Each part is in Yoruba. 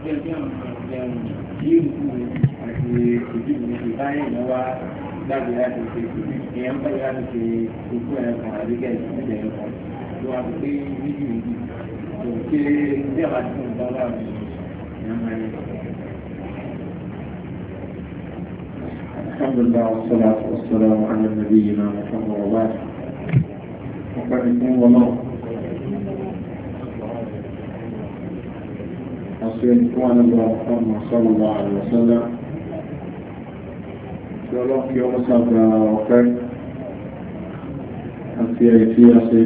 الحمد لله والصلاة والسلام على نبينا محمد وعلى آله وصحبه وسلم àṣírí fún àlọ́gbà ọmọ sọ́lọ́wà Wa tí ọlọ́kí ọmọ sàgbà ọ̀fẹ́ àti ẹ̀fí àṣẹ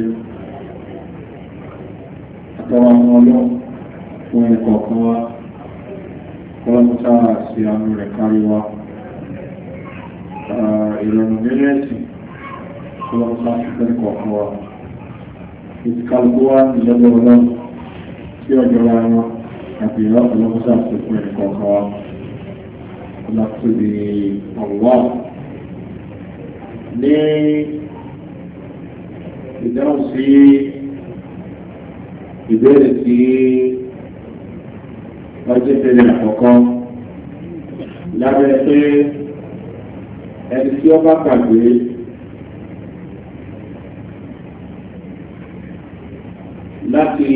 àtọwà àwọn ọlọ́ fún ẹ̀kọ̀ kan wá kọ́lọ́mọ́ta àti àmì rẹ̀ kárí wá ìrọ̀nà méjèèjì kọ́lọ́mọ́ta àti ẹ̀kọ̀ kan wá ìtìkálùkú wá ìjọba ọlọ́run tí ọjọ́ ara wọn àti ọlọ́mọdé àtẹ̀kùn ẹ̀kọ́ kan wá láti di ọ̀wọ́ ní ìdáhùn sí ìbéèrè tí wájẹ́ bẹ̀rẹ̀ àkọ́kọ́ lábẹ́ pé ẹni tí ó bá pàdé láti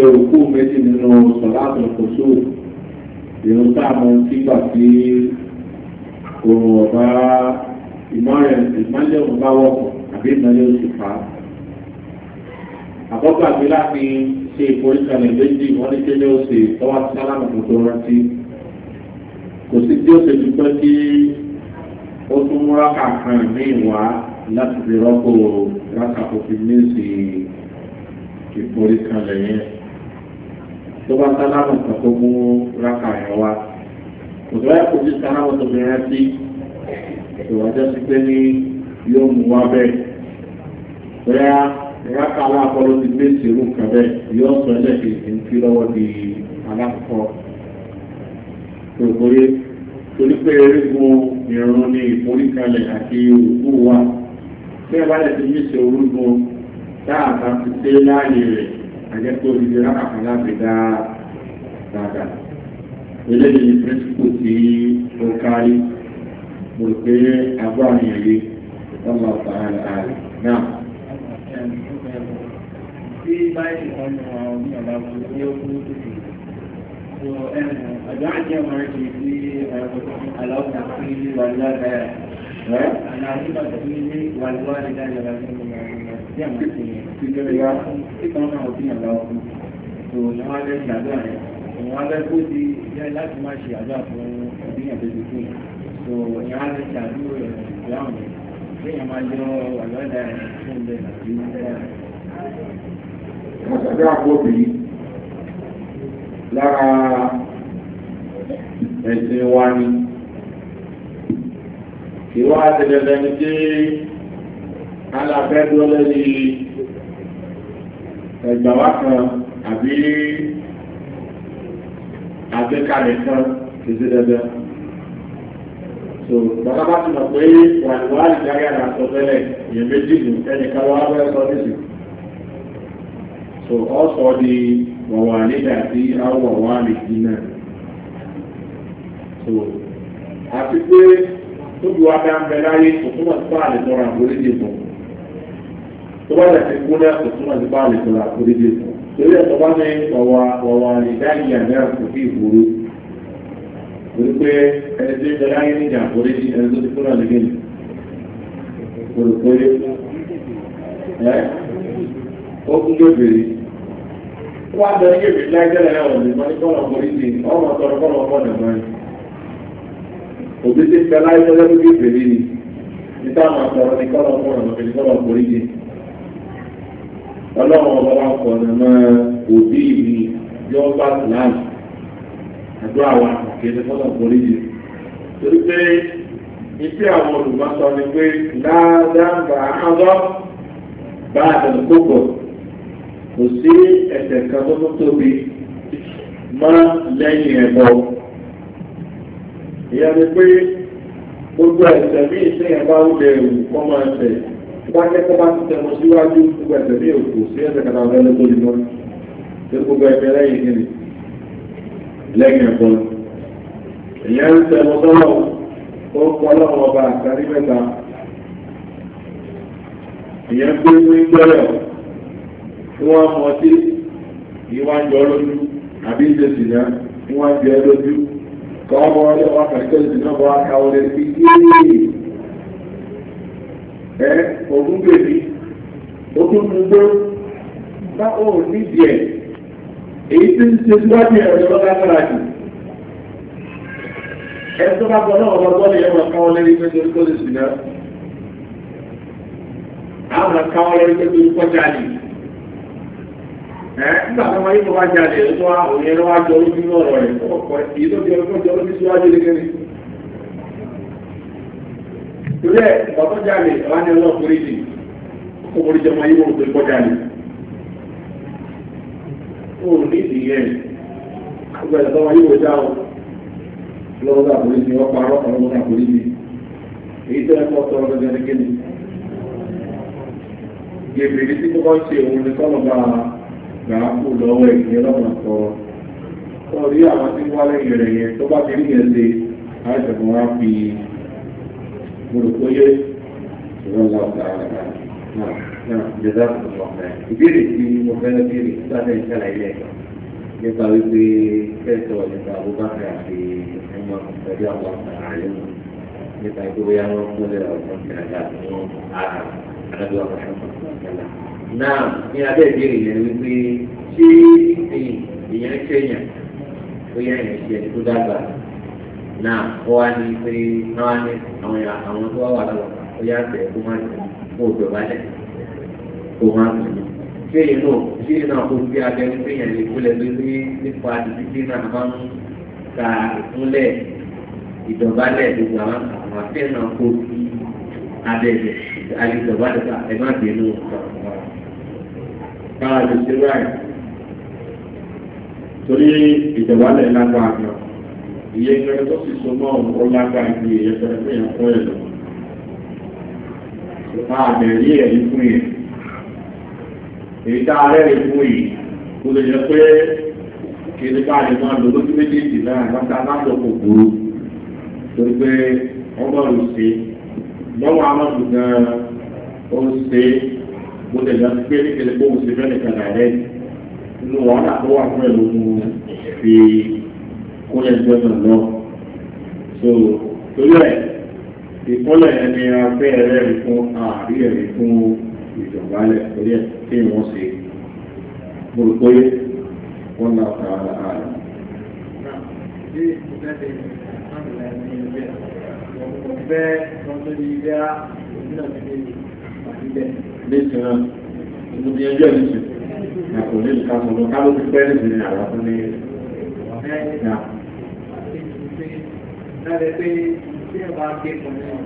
jẹ́ òkú méjì nínú sọ̀láàtọ̀ kòsó ìrún táàmù sígbà tí òun ọ̀bá ìmọ̀lẹ̀ òun bá wọ̀pọ̀ àbí ìmọ̀lẹ̀ òsì pa. àkọ́kọ́ àbí láti ṣe ìforíkalẹ̀ méjì wọ́n ní kéde òsè tọ́wọ́ sí sálámù tó tó rántí. kò sí tí ó ṣe dúpẹ́ kí ó tún múra kàkan ní ìwà láti fi rọ́pò rákàtò fi ní sí ìforíkalẹ̀ yẹn tó bá sálámù kan tó mú rákà yẹn wá òtún ayé kò sí sálámù tó bẹ̀rẹ̀ sí ìwájọ́ sí pé ní yóò mú wá bẹ́ẹ̀ bẹ́ẹ̀ rákà aláàkọ́ló ti gbé ìṣèlú kan bẹ́ẹ̀ yóò sọ ẹlẹ́kẹ̀ẹ́ ní kí lọ́wọ́ di aláàkọ́ òkúrí torí pé erégun ìrún ní ìforíkalẹ̀ àti òkú wa bẹ́ẹ̀ bá lè ti mí táàbà ti dé láàyè rẹ̀ ẹ̀jẹ̀ tó ìdí rákà kan láti dá dáadáa eléyìí pírísìpù tí ó kárí mo rò pé agbó àwọn èyí ọmọ ọ̀pá ààrẹ náà. Tí báyìí kan ní àwọn ọmọ ọba kò ní ó kú tó ti àjọ àjẹ́ ọmọ rẹ̀ ṣe sí aláwọ̀ sí wàlúwà dáyà. Àlàáfíà sí wàlúwà dáyà lọ́wọ́ tí àwọn ti ti lórí wá tí kan náà ó bíyàn lọ fún tó ní wọn lè ṣe àdúrà yẹn di ilé láti má ṣe àdúrà fún ìbíyàn tó ti fún tó ní wọn lè ṣe àdúrà yẹn ìgbà wọn yẹn lẹ́yìn máa yọ àlọ́dà yẹn tó ń bẹ àti ń bẹ. wọ́n ṣàdúrà fún obìnrin lára ẹ̀sìn wa alàfẹ́ dúró lẹ́ni ẹgbàwá kan àbí àgbékalẹ̀ kan kìí dandan. so bàbá bá ti mọ̀ pé wàlúwà ìdárí àlàsọ tẹ́lẹ̀ yẹn méjì ní ẹni káwọ́ abẹ́rẹ́ sọ nísìn so ọ sọ di wàwà nígbà tí àwọn wà lè di náà so àti pé tóbi wa bá ń bẹ láyé kò túmọ̀ sí tó bá dàtí kúnlẹ̀ kò túmọ̀ sí báwọn ètò àforíjì torí ẹ̀ tó bá ní wàwà wàwà ìdáyìí àná kò sí ìgboro torí pé ẹni tí ń bẹ láyé níjà àforíjì ẹni tó ti kúnlẹ̀ lẹ́gbẹ̀ẹ́ ni kò rò pé ẹ ó kún gébèrè tó bá dọ̀ ní gébèrè láyé tẹ́lẹ̀ náà wọ̀nyí wọ́n ní kọ́nà àforíjì ọmọ tọrọ kọ́nà ọmọ nàgbà ni ní kọ́nà ọlọ́run ọba wa kọ̀ọ̀nà mọ́ òbí mi yọ bá islam àdó àwa àkẹ́lẹ́ fọ́nà foríjì torí pé iṣẹ́ àwọn olùmọ̀sọ ni pé láàdáńgà ángọ́ bá àdàn kókò kò sí ẹ̀sẹ̀ kan tó tóbi mọ́ lẹ́yìn ẹ̀bọ. ìyá ni pé gbogbo ẹ̀sẹ̀ bí bá kọ́ máa ń wákẹ́kọ̀ọ́ bá ti tẹnu síwájú gbogbo ẹ̀sẹ̀ ní òkú sí ẹ̀sẹ̀ kàtà ọ̀rẹ́ ló tóbi mọ́ tí gbogbo ẹ̀fẹ́ lẹ́yìn nínú lẹ́yìn ẹ̀fọn ìyá ń tẹnu sọ́rọ̀ ó pọ̀ lọ́wọ́ ọba àtàrí mẹ́ta ìyá ń gbé ní gbẹ́rẹ̀ tí wọ́n mọ sí ìwà ń jọ lójú àbí ìṣe sìnà tí wọ́n ń lójú kọ́ ọmọ ọlọ́wọ́ àkàkẹ́ ìṣìnà bọ́ akáwọlẹ̀ fi yéé ẹ́ òun bèbí ó tún mú gbó bá òun nídìí ẹ̀ èyí tí ń ṣe síwájú ẹ̀rọ tó lágbára jù ẹ tó bá gbọ́ náà ọlọ́gbọ́n ni ẹ̀rọ káwọn lẹ́rí pé torí kó lè sì náà àwọn káwọn lẹ́rí pé torí kó jáde ẹ̀ nígbà tó wáyé tó wá jáde ẹ̀ tó wá òun yẹn lọ́wọ́ àjọ orí nínú ọ̀rọ̀ rẹ̀ ọ̀pọ̀ èyí tó jẹ́ ọjọ́ orí síwájú lẹ́gẹ́rẹ́ torí ẹ̀ ìgbàgbọ́ jáde wá ní ọlọ́ọ̀kùnrin jì ọkùnrin jọmọ yìí wọ́n pè gbọ́ jáde ó ní ìdíyẹn gbogbo ẹ̀ lọ́wọ́ já o ni wọ́n parọ́ ọ̀rọ̀ lọ́wọ́ dà polisi èyí tó ẹ̀kọ́ tọrọ gẹ́gẹ́ ní kíni gèbèrè tí kọ́kọ́ ṣe òun ni kọ́nà bá gbà á kú lọ́wọ́ ìgbìyàn lọ́wọ́ tọrọ tó rí àwọn tí wọ́n lẹ́yìn rẹ̀ yẹn tó bá ti rí yẹn ṣe àìsàn fi mo rò pé yé ìran ńlá ọ̀tá ara rẹ̀ náà náà jẹ́dá kò lọ ọ̀rẹ́. ìbéèrè tí mo fẹ́ lọ béèrè nígbà tẹ́ ń ṣàlàyé lẹ́ẹ̀kan nípa wípé kẹ́sọ̀ nípa Abubakar àti ọmọ ìtọ́jú àwọn ọ̀tá ààrẹ mọ̀ nípa ìgbé bóyá wọn fún lè ọ̀gbọ́n ti àjà àwọn àdàbíwá pàṣẹ náà ní abẹ́ ìbéèrè yẹn wípé ṣé ìyẹn ṣe yàn náà ó wá ní pé náà ní àwọn ìyá àwọn tó wà lọ́wọ́ ó yá bẹ̀ kó má tẹ̀ kó o jọba lẹ̀ kó má tẹ̀ ní. Fíìlì náà fíìlì náà kó bí abẹ́ ń pè yàn lè kúlẹ̀ lórí nípa títí náà máa ń ka ìkúnlẹ̀ ìdọ̀bálẹ̀ gbogbo àwọn àwọn afẹ́ náà kó bí abẹ́ àlejòbálẹ̀ ká ẹ má bínú ọ̀pọ̀ káwá lè ṣe ráì torí ìdọ̀bálẹ̀ lágbára náà ìyẹ́pẹ̀rẹ̀ tó sì so mọ́ ọ̀rọ̀ lágbára ju ìyẹ́pẹ̀rẹ̀ fún ìyàn fún ẹ̀lọ́ àbẹ̀rí ẹ̀rí fún yẹn èyí tá a rẹ́rìí fún yìí kó lè jẹ́ pé kiri bá lè máa lò lójú méjèèjì náà látà látòkò gbòòrò torí pé ọlọ́run ṣe lọ́wọ́ amọ́dún gan-an ó ń ṣe bó lè lọ pé nípele bó ń ṣe fẹ́ nìkan náà rẹ̀ nínú wàhálà tó wà fún ẹ̀ lóhun fi ìkúnlẹ̀ gbọ́dọ̀ náà so torí ẹ̀ ẹni afẹ́ ẹlẹ́rìí fún àárí ẹ̀rí fún ìjọba torí ẹ̀ tí wọ́n ṣe gbòrògbóyè wọ́n náà ta ara ààrẹ. Nítorí náà, ìmúdi ẹjọ́ ìṣẹ̀, àkòlé ìkásọ̀rọ̀ ká ló ti pẹ́ nìyí àwọn tó ní láti pé tí ẹ bá ké pọ̀ náà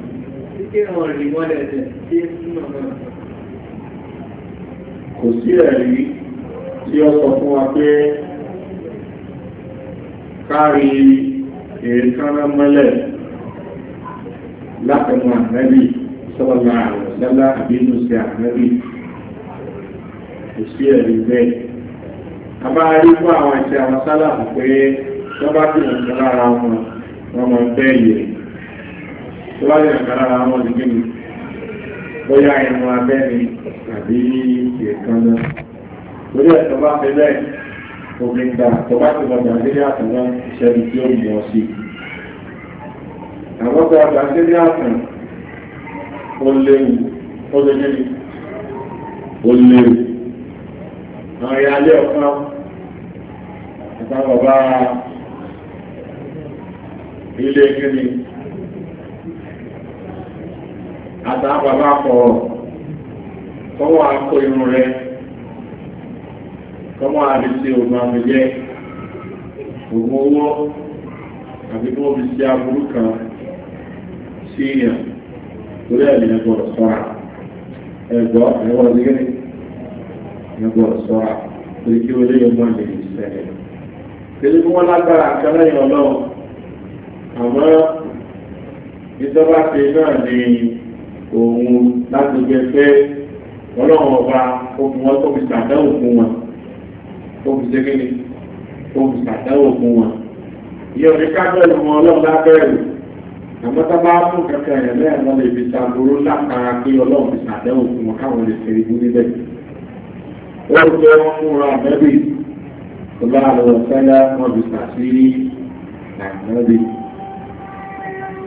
tí kí wọ́n rí wọ́n lẹ̀ jẹ́ tí ẹ túnmọ̀ náà. Kò sí ẹ̀rí tí ó sọ fún wa pé kárí èékánná mọ́lẹ̀ látẹnu ànábì sọ́lọ́lá àwọ̀sẹ́lá àbínú sí ànábì kò sí ẹ̀rí bẹ́ẹ̀. A máa rí fún àwọn ìṣẹ́ àwọn sálà pé tọ́bá kìlọ̀ sí lára wọn wọ́n mọ̀ bẹ́ yẹ tó bá yẹ kàrà ara wọn nìkan ni bóyá ẹnu abẹ́ ni àbí ìkan náà lórí ẹ̀sọ́ bá fẹ́ bẹ́ẹ̀ omi gbà tó bá ti lọ́jà sílé àtàn náà ìṣẹ́ni tí ó mú ọ sí àwọn tó ọjà àtàn ó léwu ó lé níbi ó léwu àwọn ìyá alẹ́ ọ̀kan àtàwọn ọba ilé kíni àtàbàbà kọ̀ọ̀ kọ́wọ́ akọ irun rẹ kọ́wọ́ àbísí ògùn àbíjẹ́ ògùn owó àbí kí aburú kan sí èèyàn lórí ẹ̀mí ẹgbọ̀rọ̀ sọ́ra ẹgbọ́ ẹwọ́ sí kíni sọ́ra kí wọ́n lé lágbára àmọ́ ìjọba ṣe náà ni òun láti gbé fẹ́ ọlọ́run ọba ogun wọn tó fi ṣàdáwò fún wọn tó fi ṣe kíni tó fi ṣàdáwò fún wọn. ìyẹn òní kábẹ́ẹ̀lì wọn ọlọ́run lábẹ́ẹ̀lì àmọ́ tá bá mú kankan yẹn lẹ́yìn wọn lè fi ṣàbúrú látara pé ọlọ́run fi ṣàdáwò fún wọn káwọn lè ṣe ibú níbẹ̀. ó jẹ́ wọn múra àmẹ́bí ọba àlọ́ sẹ́lá wọn fi ṣàṣírí àmẹ́bí.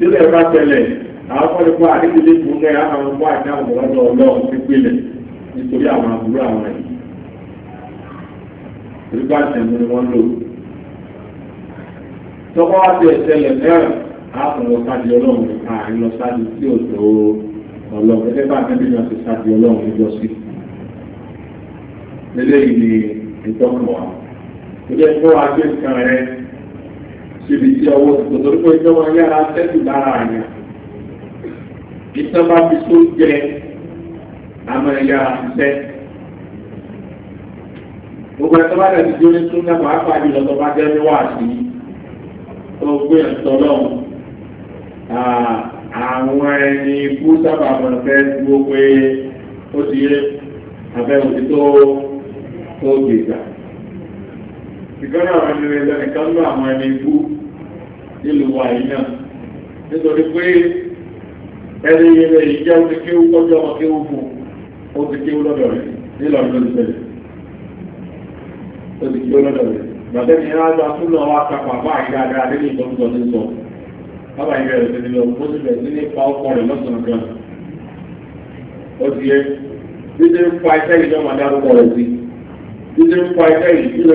nílẹ̀ bá tẹ̀lẹ̀ àwọn fọ́lùkọ́ àdídílé fún rẹ̀ àwọn ọmọ àdáwọn ọ̀rọ̀ ọlọ́run pípìlẹ̀ nítorí àwọn àbúrò àwọn ẹ̀yìn nígbà tẹ̀mú ni wọ́n lò tọ́kọ́ wá sí ẹ̀tẹ́lẹ̀ mẹ́rin àtọ̀wọ̀ sáàdì ọlọ́run nípa àárín lọ sáàdì tí ò tó ọlọ́run gẹ́gẹ́ bá tẹ́bí náà ti sáàdì ọlọ́run níjọ sí lélẹ́yìn ni ìtọ́kùn wa ilé ẹ̀kọ́ wa gbé nǹkan rẹ̀ síbi tí ọwọ́ ti tọ̀tọ̀ nípa ìjọ wọn yára tẹ́tù lára àyàn ìtọ́ba fi tó jẹ àmọ́ yára ṣiṣẹ́ gbogbo ẹ̀tọ́ bá dẹ̀ ti jó ní túnú náà pàápàá jùlọ tó bá jẹ́ ní wáàsí tó gbé ẹ̀tọ́ lọ́hùn àwọn ẹni ikú sábà máa fẹ́ dúró ó ti yé abẹ́ òtítọ́ tó gbèsà ìgbẹ́rẹ́ àwọn ẹni rẹ̀ lẹ́nìkan lọ àwọn ẹni ibú nílùú wà yìí náà nítorí pé ẹni ilẹ̀ yìí jẹ́ ti kí ó kọjú ọmọ kí ó fún ó ti kí ó lọ́dọ̀ rẹ̀ nílọ̀rọ̀ lórí pẹ̀lú ó ti kí ó lọ́dọ̀ rẹ̀ ni lọ bó ti bẹ̀rẹ̀ sí ní pa ọkọ rẹ̀ lọ́sàn-án gan ó ti yẹ títí ń pa iṣẹ́ ìjọba dárúkọ rẹ̀ sí títí ń pa iṣẹ́ ìjọba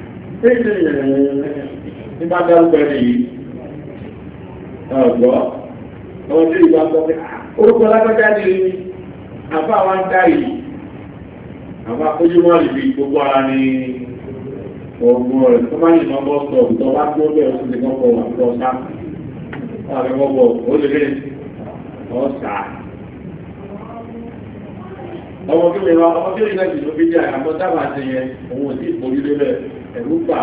ní bá dárúkọ ẹni àbá wa ń dá yìí àbá ojúmọ́ ìbí gbogbo ara ni ọ̀gbọ́n rẹ̀ tó máa yìnbọn bọ́ sọ tó bá tó bẹ̀rẹ̀ sí ti kọ́kọ́ wà lọ sá láàrin ó lè rìn ọ̀sà ọmọ kí mi lọ ọmọ kí mi ẹ̀rú pa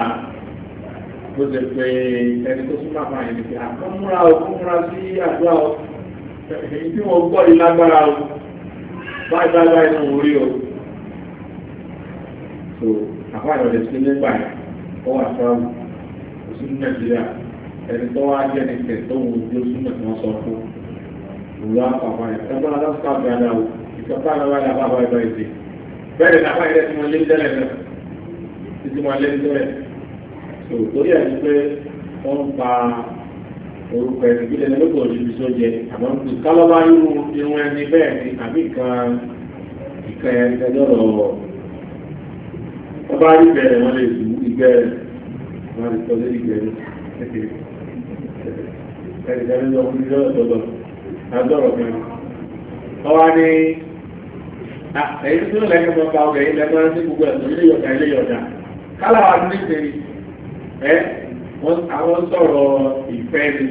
mo lè pe ẹni tó súnmọ́ àwọn àyè nìkan àkọ́múra o sí àdúrà èyí tí wọ́n gbọ́ ìlágbára o báyìí báyìí báyìí rí o. so àwọn àyọ̀dẹ̀ sí nígbà yẹn ó wà sọ́ọ̀mù kò sí nàìjíríà ẹni tó wá jẹ́ ní tẹ̀ tó wù ú tí wọ́n sọ fún àpapọ̀ ẹgbọ́n ìfọ̀tà títí máa lẹ́jọ́ ẹ̀ tó torí ẹ̀ pé wọ́n pa orúkọ ẹni bí lẹ́nu lóko òṣèlú sójẹ àmọ́ nítorí kálọ́bá irú irun ẹni bẹ́ẹ̀ ni àbí kan ìkan ẹni tẹ́lọ́rọ̀ wọ́n bá rí bẹ̀rẹ̀ wọ́n lè dù ìgbẹ́ rẹ̀ wọ́n lè tọ́ lórí ìgbẹ́ rẹ̀ ẹni tẹ́lẹ̀ lọ fún ìjọ́ ọ̀dọ́dọ̀ adọ́rọ̀ kan ọwá ní ẹ̀yìn tó lẹ́kẹ̀ẹ́ mọ́ pa ọkẹ̀ yìí lẹ́kọ̀ọ́ sí gbogbo ẹ̀sùn ilé yọ̀dà ilé yọ̀dà aláwọ̀ àdúgbò ni ẹ́ àwọn sọ̀rọ̀ ìfẹ́ ni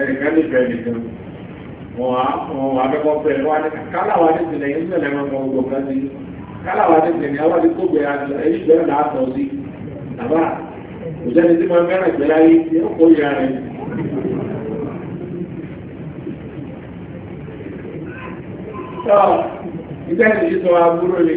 ẹnìkan nífẹ̀ẹ́ nìkan wọ́n wà mẹ́kọ́ fẹ́ wọ́n ní káláwà ní ìsìnlẹ̀ yìí sílẹ̀ mẹ́kọ́ gbogbo kan sí káláwà ní ìsìnlẹ̀ àwọn àdúgbò gbẹ̀rẹ̀ àjọ èyí gbẹ̀rẹ̀ náà sọ sí àbá kò jẹ́ni tí wọ́n fẹ́ràn ìgbẹ́ láyé tí ó kó ìyá rẹ̀ ìgbẹ́ ìdíjọ́ agbúrò lè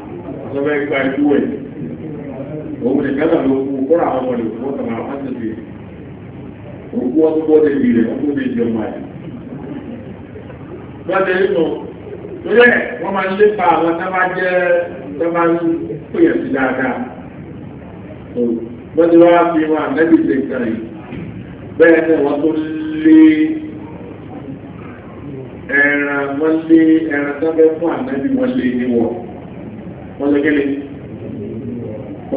lọ́bẹ̀ gba ìlú ẹ̀ òun nìkan náà ló kú kọ́ra àwọn ọmọ ìlú wọn kàmá wọn òkú wọn tó bọ́dẹ̀ rẹ̀ wọn tó lè jẹun àyè. bọ́dẹ̀ nínú lórí ẹ̀ wọ́n máa ń lépa àwọn tá bá jẹ́ tá bá ń pèyàn sí dáadáa. bọ́dẹ̀ wá fi wọn àgbẹ̀bí ṣe nǹkan yìí bẹ́ẹ̀ ni wọ́n tó lé ẹran wọ́n lé ẹran tó fẹ́ fún àgbẹ̀bí wọ́n lé níwọ̀n wọ́n lè gẹ́lẹ́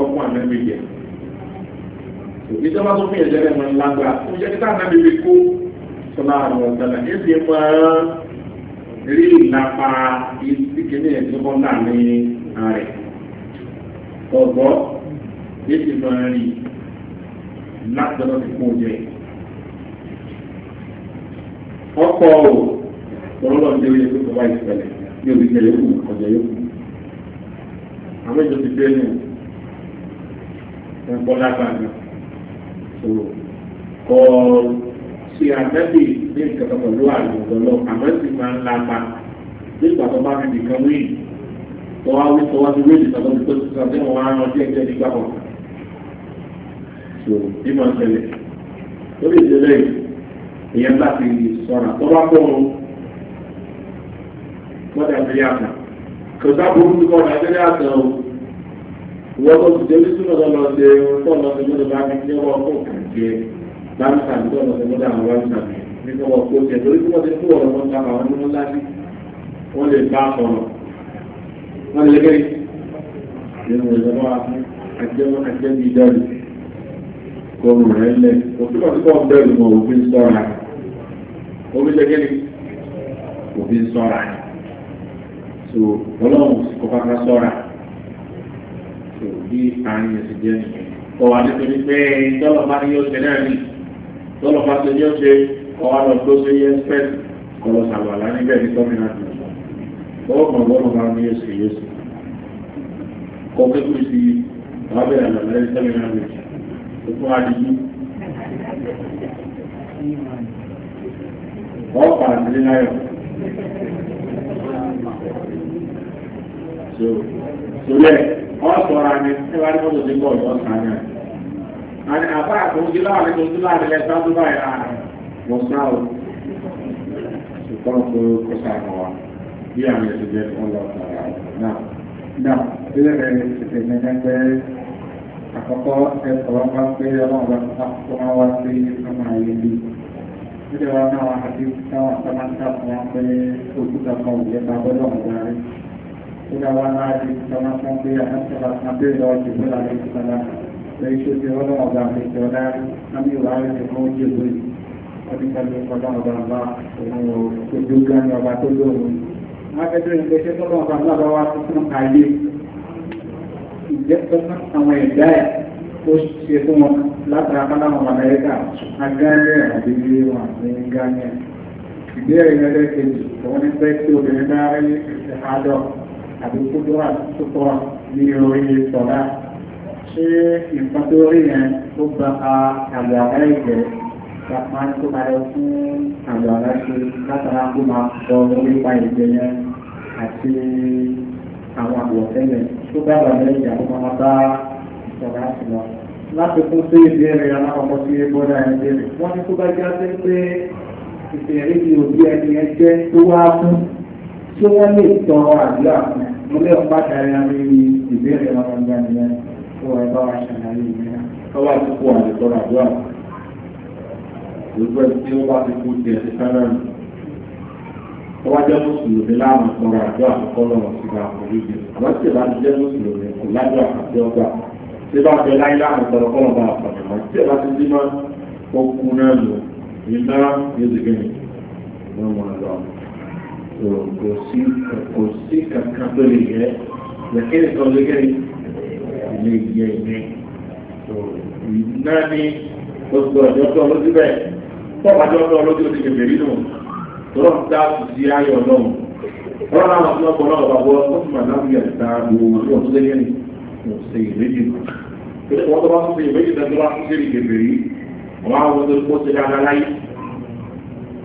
ọkùn ànábì jẹ ìjọba tó fún ìjẹ́lẹ̀ mọ́ lágbà ó jẹ́ kíkà ànábì bí kó sọlá àwọn ọ̀tẹ̀lẹ̀ ní ti máa rí ìlàpá ìsìnkìní ìjọba náà ní ààrẹ ọ̀gbọ́ ní ti máa rí látọ̀dọ̀ ti kó jẹ ọkọ̀ ọ̀rọ̀ lọ́dún wáyé ìpẹ̀lẹ̀ ní òbí tẹ̀lé kù ọ̀jẹ̀ yókù àwọn èdè ti gbé ní ẹ̀kọ́ lágbàdo so kọ ṣe àtẹ́bì ní ìkẹ́kọ̀ọ́ pẹ̀lú àlùkò lọ́wọ́ àmọ́ sì máa ń lápa nígbà tó bá fi nìkan wí tọ́wá wí tọ́wá ti wí ìtàn lórí tó ti sọ pé wọ́n á rán díẹ̀ díẹ̀ nígbà kan so bí máa ń tẹ̀lé lórí ìdílé ìyẹn láti sọ̀rọ̀ tó bá kọ́ wọn wọ́n dàbí yàtọ̀ kọjá burúkú kọ́ nàìjíríà tẹ̀ o wọ́n tó ti débi sínú ọ̀dọ́ lọ sí ẹ̀rọ tó lọ sí mọ́tò bá mi ní wọ́n kó kàǹkì bámsà tó lọ sí mọ́tò àwọn bámsà mi nínú wọn kó tiẹ̀ torí tí wọ́n ti kó ọ̀rọ̀ wọn sábà wọn nínú láti wọ́n lè bá sọ̀rọ̀ wọ́n lè gẹ́rì nínú ìjọba àjẹmọ́ àjẹmí ìdọ́rì kó rù rẹ̀ lẹ̀ òfin kọ́ sípò so ọlọ́run sì kọ́ kápá sọ́ra so bí àárín ẹ̀sìn jẹ́ nìyẹn ọ̀wà nítorí pé tọ́lọ̀ bá ní yóò ṣe náà ní tọ́lọ̀ bá ṣe yóò ṣe ọwọ́ lọ tó ṣe yẹ spẹ́t kọlọ sàlùwàlá níbẹ̀ ní gómìnà tó ọwọ́ kan lọ́nà bá ní yóò ṣe yóò ṣe kọ́ kékeré sí ọ̀bẹ̀ àlọ́lẹ́ ní gómìnà tó ṣe fún adigun ọ̀pá àtìlẹ́yìn ayọ̀. so torí ẹ wọ́n sọ̀rọ̀ àmì ẹ wá ní mọ́tò tí ń bọ̀ lọ́wọ́ sàn náà àni àbá àtòjú láàrin tòjú láàrin lẹ́sà tó báyìí láàrin mọ̀ sáà o ṣùgbọ́n kó kó sàmọ̀ wa bí àmì ẹ̀sìn jẹ́ fún ọlọ́ọ̀tà náà náà ilé rẹ̀ tètè nìyẹn pé àkọ́kọ́ ẹ̀kọ́ wá pé ọlọ́run bá tó máa wá sí ọmọ ayé bí nígbà náà àti táwọn àtàmáńtà fún wọn pé òkúta kan ò yẹ ká gbọ́dọ̀ ọ̀gá rẹ̀ ìdáwà náà di ìtọ́nà fún pé àtàkùnlá kan bí ìlọ ìjìbó làrí ìtọ́lá lórí tó ti rọ́lọ́ ọ̀gá àti ìtọ́lá lábí ìwà rẹ̀ ti fún ojú ìwé ọdún kan ní ọjọ́ ọ̀gá ọba òun ojú gani ọba tó lóòrùn. Mákẹ́tẹ́ ìgbésẹ̀ tọ́lọ́ ọba ńlábá wa ti fún ayé ìjẹ́pẹ́ àwọn ẹ̀dá ẹ̀ tó ṣe fún wọn látara káláwọn Amẹ́ríkà agánẹ́ àbí wọn ní gánẹ́. Ìbéèrè yẹn lẹ́kẹ̀ẹ́ òun ní pẹ́ tí obìnrin bá rí ìṣèhádọ́ àbí kúdúrà tútọ́ ní orí sọ̀rá ṣé nǹkan tó rí yẹn tó gba àgbà ara ìjẹ́ kàpá tó balẹ̀ fún àgbà ara ṣe látara kó máa sọ nípa ìjẹ yẹn àti àwọn àwọ̀tẹ́lẹ̀ tó dábàá lẹ́yìn ìjà tó máa bá ìsọ̀rá sí lọ. láti fún sí ìbéèrè alákọ̀ọ́kọ́ sí bọ́dà ẹ̀ béèrè wọ́n ní tó bá jẹ́ pé ìfẹ̀rí ni òbí ẹni ẹ tí wọ́n lè tọrọ àdúrà fún mo lé ọ̀pá kárí àmì ìbéèrè wọn gbangba nìyẹn tó wọ́n bá wa ṣàlàyé ìyẹn. tọ́wọ́ àtúkò àti tọrọ àdúrà gbogbo ẹni tí ó bá ti kú tiẹ̀ ti fẹ́rẹ̀ rẹ̀ tọ́wọ́ jẹ́ mùsùlùmí láàmú tọrọ àdúrà àkọ́kọ́ lọ́wọ́ sí ká àkọ́jú jẹ àwọn tí ìbá ti jẹ́ mùsùlùmí kò ládùn àti ọgbà tí bá bẹ láyé láàmú tọrọ kọ́ lọ́wọ́ àpàdánù tí ìbá ti dín mọ́ okun náà lò iná yóò ti gbẹ̀yìn lọ́mọ àlọ́ kò sí kò sí kankan tó lè yẹ lẹ́kẹ́lẹ́ kan lè yẹ lè yẹ ìyẹn náà ní oṣù ọjọ́ tó lójú bẹ́ẹ̀ pọ́pàá tó lọ́jọ́ lójú ti kẹfẹ́ rí nù lọ́n dá sí ayọ̀ lọ́hùn wọ́n náà wọ́n lọ́pọ̀ náà bàbá wọn tó fún àdáwì àtà gbogbo wọn tó lè yẹ ní kò sí ìrèjì wọ́n tó bá tún sí ìrèjì tó bá tún sí ìkẹfẹ́ rí wọ́n á wọ́n tó kó sí dáadáa láyé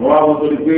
wọ́n á wọ́n tó di pé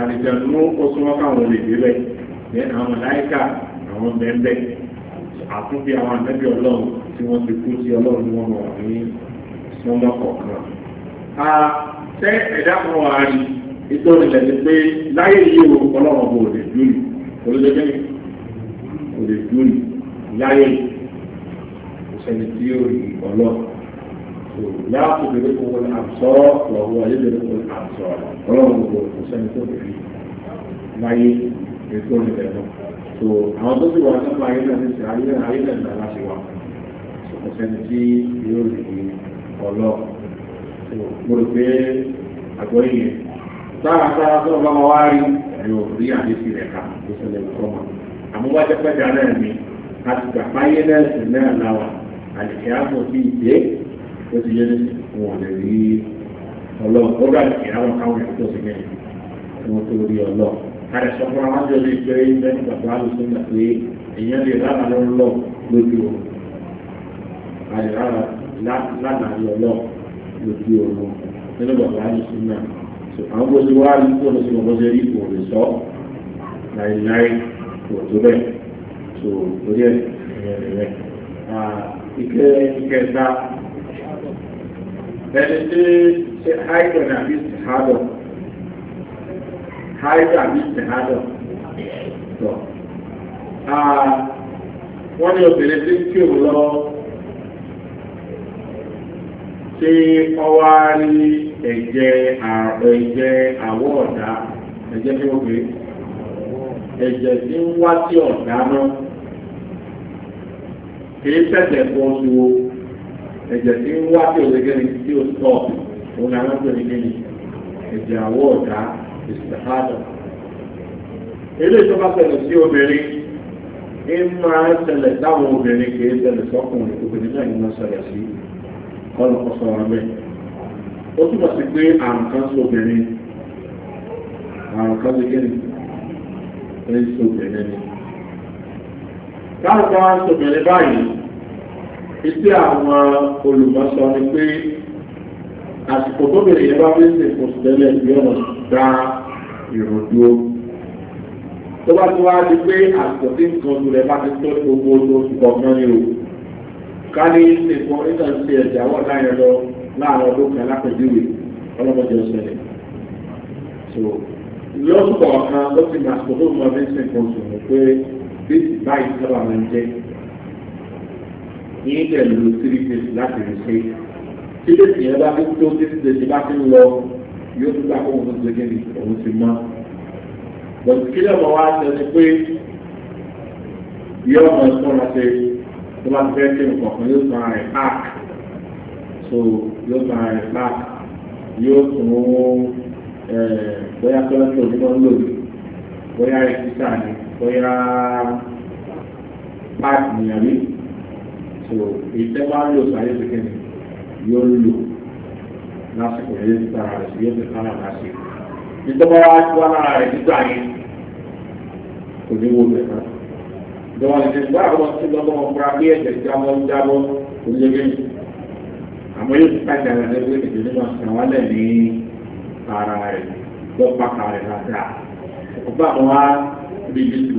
àlìjẹ̀nú ó súnmọ́ káwọn olè délẹ̀ ní àwọn láìka àwọn bẹ́ẹ̀ àtúnfi àwọn àtẹ́bí ọlọ́run tí wọ́n ti kú sí ọlọ́run ní wọ́n wà ní mọ́mọ́ kọ̀ọ̀kan. a tẹ́ ẹ̀dá kan wà rí ìtọ́ni lẹ́yìn pé láyé yìí o ọlọ́run kò lè dúró olójẹ́jẹ́ kò lè dúró láyé kò sẹ́ni tí yóò rí ọlọ́run. لا تدركه الأبصار وهو يدرك الأبصار رغم الإنسان يكون فيه معي يكون لديه so àwọn tó sì wà nínú ayé náà ní sè ayé náà ayé náà náà láti wà kò sẹ́ni tí yóò lè di ọlọ mo rò pé àgọ́ yìí sára sára tó bá wá rí ẹ̀rọ rí àdéhùn rẹ̀ ká kó ṣẹlẹ̀ kọ́ ma àmúwájẹ́ pẹ́jà náà ni àti gbàgbáyé náà sì náà náà wà àlèkè ó ti yé wọn lè rí ọlọ́run ó bá ìyá wọn káwọn èèyàn tó ti yẹn kí wọ́n tó rí ọlọ́run. Àrẹ sọ fún àwọn lè gbé ilé bàbá àlùsùn náà pé èèyàn lè rárá lọ lọ lójú o. Àrẹ rárá lánàá lọ lọ lójú o nínú bàbá àlùsùn náà. Àwọn bó ti wá àlùsùn náà sí wọn bó ṣe rí kò lè sọ láìláì kò tó bẹ́ẹ̀ tó lórí ẹ̀ ìkẹ́ ìkẹta ẹni tí ṣe haida ní àbí ìsìnkádọ̀ haida àbí ìsìnkádọ̀ tọ̀ wọ́n ní obìnrin tí kí o lọ tí ọwá rí ẹ̀jẹ̀ ẹ̀jẹ̀ àwọ̀ ọ̀dá ẹ̀jẹ̀ tí ó gbé ẹ̀jẹ̀ tí ń wá sí ọ̀dá náà kìí tẹ̀sẹ̀ fún oṣù ẹ̀jẹ̀ tí ń wá tí ò lè gẹ́ni tí ó tọ̀ òun ni àwọn pèrè gẹ́ni ẹ̀jẹ̀ àwọ̀ ọ̀dá ìsìtàkádọ̀. ilé tó bá tẹ̀lé sí obìnrin ní máa ń tẹ̀lé táwọn obìnrin kì í tẹ̀lé sọ́kùnrin obìnrin náà ni wọ́n sọ̀rọ̀ sí kọ́lọ́kọ́sọ ọ̀rẹ́ ó túmọ̀ sí pé àrùn kan sí obìnrin àrùn kan sí gẹ́ni ẹni sí obìnrin ni táwọn kan sí obìnrin báyìí ìtí àwọn olùmọ̀sọ ni pé àsìkò tó bèrè yẹn bá fi ń sè kò sílẹ̀ bí ọ̀nà dá ìròdúró tó bá tó wá di pé àsìkò tí nǹkan oṣù rẹ̀ bá ti tó gbogbo oṣù kọ̀ọ̀kan ni o ká ní sèkọ́ nígbà tí ẹ̀jẹ̀ àwọn ọ̀dá yẹn lọ láàárọ̀ ọdún kan lápẹ̀júwe ọlọ́mọdé ọ̀sẹ̀ rẹ̀ lọ́sùn kọ̀ọ̀kan ló ti mọ àsìkò tó mọ fi ń sè kò oṣù rẹ̀ pé bí ní ilẹ̀ lu three days láti rí sí tí lèsì yẹn bá fi tó títí lèsì bá fi ń lọ yóò tún gbà fún òun gbẹgẹ ni òun ti mọ bọ̀dù kí lọ́mọ wa ṣe ni pé yọ ọmọ ìfọ́nra ṣe tó bá fẹ́ kí nǹkan kan yóò tún ara ẹ̀ páàkì so yóò tún ara ẹ̀ páàkì yóò tún bóyá tọ́lọ́tì onímọ̀ ń lò ní bóyá ẹ̀ títà ní bóyá páàkì nìyàwó so ìtẹ́ bá rí òsà yóò kékeré yóò lò lásìkò yóò ti tara rẹ̀ sí yóò ti tara rẹ̀ sí ìjọba wa ti wá lára rẹ̀ nígbà yẹn kò ní wo bẹ̀ náà ìjọba lè gbà àwọn tí lọ́wọ́ wọn fura bí ẹ̀jẹ̀ jábọ́ jábọ́ kò ní lè àmọ́ yóò ti kájà rẹ̀ lẹ́gbẹ̀ẹ́ ìdílé nínú ọ̀sán wa lẹ̀ ní ara rẹ̀ lọ́pàá kan rẹ̀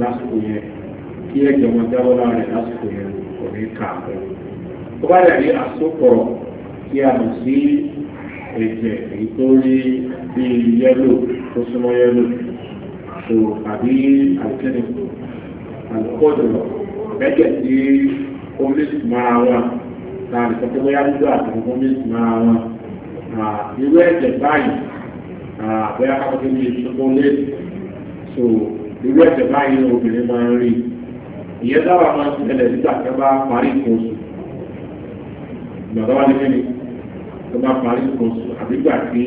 lásìkò yẹn kí ẹ̀jẹ̀ wọn jábọ́ lára kò ní kà á bẹ́ẹ̀. tó bá dàbí àsopọ̀ tí a mọ̀ sí ẹ̀jẹ̀ èyí tó rí bí yẹ́lò tó súnmọ́ yẹ́lò tó àbí àìkẹ́ni àlùkò jùlọ ẹ̀jẹ̀ tí omi máa wà láàrin sọ pé bóyá nígbà àti omi máa wà irú ẹ̀jẹ̀ báyìí bóyá kápẹ́kẹ́ bí ìṣòkò lé so irú ẹ̀jẹ̀ báyìí obìnrin máa ń rí ìyẹn dára máa ti ẹlẹ̀ nígbà tó bá parí oṣù ìgbàdọ́wà ní mẹ́rin tó bá parí oṣù àbígbà tí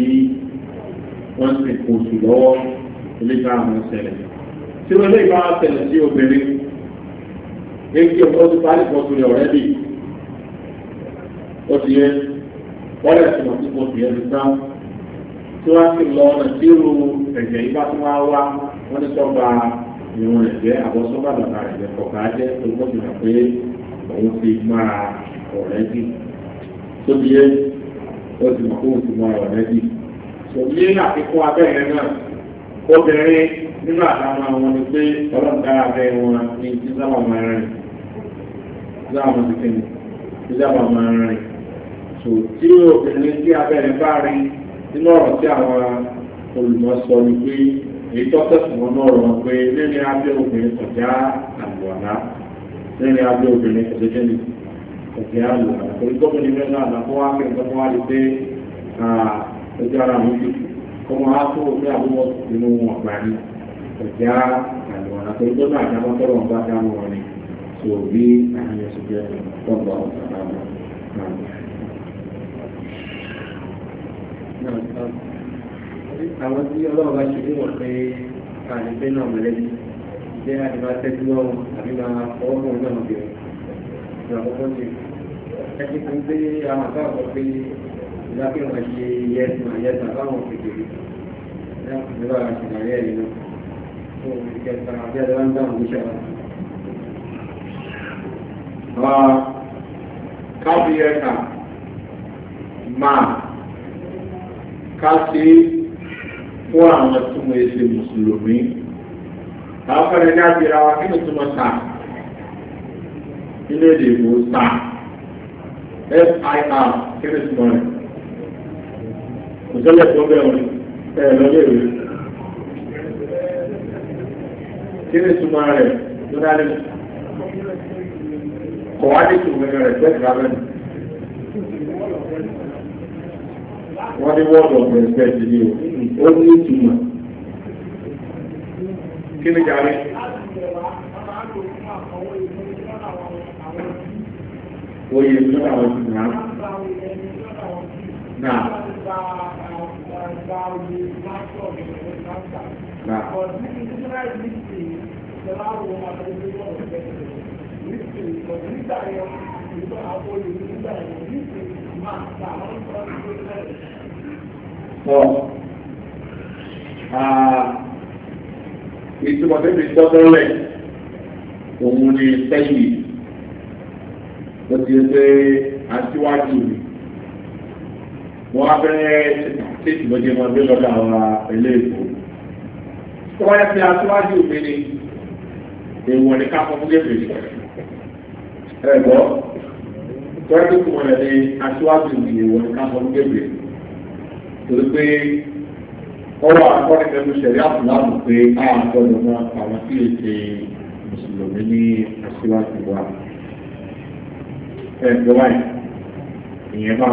wọ́n ti oṣù lọ́wọ́ ilé dára máa ṣẹlẹ̀ tí wọ́n lè bá ṣẹlẹ̀ sí obìnrin èyí ọkọ̀ tó parí oṣù rẹ̀ ọ̀rẹ́ bì ó ti yẹ wọ́n lè sọ̀rọ̀ tí oṣù yẹn ti dá tí wọ́n ti lọ ọ̀nà tí irú ẹ̀jẹ̀ yìí bá tún wá wá wọ́n ti sọ́gbà irun rẹ̀ jẹ́ àbọ̀sọ́gbà bàbá rẹ̀ jẹ́ kọ̀ọ̀ká jẹ́ orúkọ fi hàn pé òun ti máa ọ̀rẹ́ bí tóbi yẹ ó ti mọ̀ kó òun ti máa ọ̀rẹ́ bí. òbí yẹn àfikún abẹ́rẹ́ náà obìnrin nínú àdámọ́ àwọn ni pé ọlọ́ọ̀dára abẹ́ wọn ni ti sábà máa rìn sábà máa ti kéde ti sábà máa rìn. tò tí obìnrin tí abẹ́rẹ́ bá rìn nínú ọ̀rọ̀ tí àwọn olùmọ̀ sọ ni pé èyí tọ́tẹ̀sì wọn náà rọ̀ pé nílé abẹ́ obìnrin kọjá àlùwàlá nílé abẹ́ obìnrin kọjá kọjá àlùwàlá torí tọ́pẹ́ ní mẹ́ta àdàpọ̀ wá pé nǹkan wá lè pé ojú ara mi fi kọ́ mọ́ á tó ojú àbúrò nínú ọ̀gbà ni kọjá àlùwàlá torí tọ́pẹ́ àdàpọ̀ tọ́rọ̀ ń bá dáhùn wọn ni tó bí àwọn ẹ̀sùn jẹ́ tọ́gbà ọ̀gbà náà àwọn tí ọlọ́run bá ṣe níwọ̀n pé àní pé náà mọ̀lẹ́bí jẹ́ àdìbá tẹ́jú lọ́wọ́ àbí máa ọwọ́kùnrin náà bẹ̀rẹ̀ ìgbàkọ́kọ́ ti ẹ ti fún pé àwọn àbáwọ̀ pé ìdákẹ́ wọn ṣe yẹ́sùn àyẹ́sùn àbáwọn kékeré nígbà àṣìláyé yìí náà tó ìkẹta àbí àdìbá ń dáhùn níṣẹ́ wọn. káfíńyẹ̀ka máa ká sí fún àwọn tí wọ́n ṣe mùsùlùmí àwọn fẹ́rẹ̀ ní àbíra wa kí ni túnmọ̀ sà nínú èdè ìbò sà fir kí ni túnmọ̀ rẹ̀ kò sẹ́lẹ̀ tó bẹ̀rẹ̀ ẹ̀ lọ́lẹ̀ rẹ̀ kí ni túnmọ̀ rẹ̀ tó dálé kọ̀wádìí tó bẹ̀rẹ̀ rẹ̀ bẹ́ẹ̀ wọ́n ní word of respect ni o ó ní ìtumọ̀ kí ni jàre. oyè tó náà wọ́n ti nà án. Náà. Náà. Uh, sọ ìtumọ̀ tẹ́lẹ̀ tọ́tọ́ rẹ̀ òun ni sẹ́yìn ló ti ń pé aṣíwájú rẹ̀. Wọ́n á bẹ́rẹ̀ tí ìtìlọ́jẹ́ máa gbé lọ́dọ̀ àwọn ilé ìfò. Tó wáyé pé aṣíwájú mi ni èèwọ̀ ní ká fọ́ fún gẹ́gẹ́ ẹ̀gbọ́n tọ́jú kí wọ́n lè aṣíwájú ìyẹ̀wò nǹkan sọ ní gbèbè torí pé ọwọ́ akọ́ni pẹ̀lú ṣẹ̀rí àfúláàmù pé a gbọ́dọ̀ máa àwọn tí èsè mùsùlùmí ní aṣíwájú wa ẹ̀ gbọ́ báyìí ìyẹn bá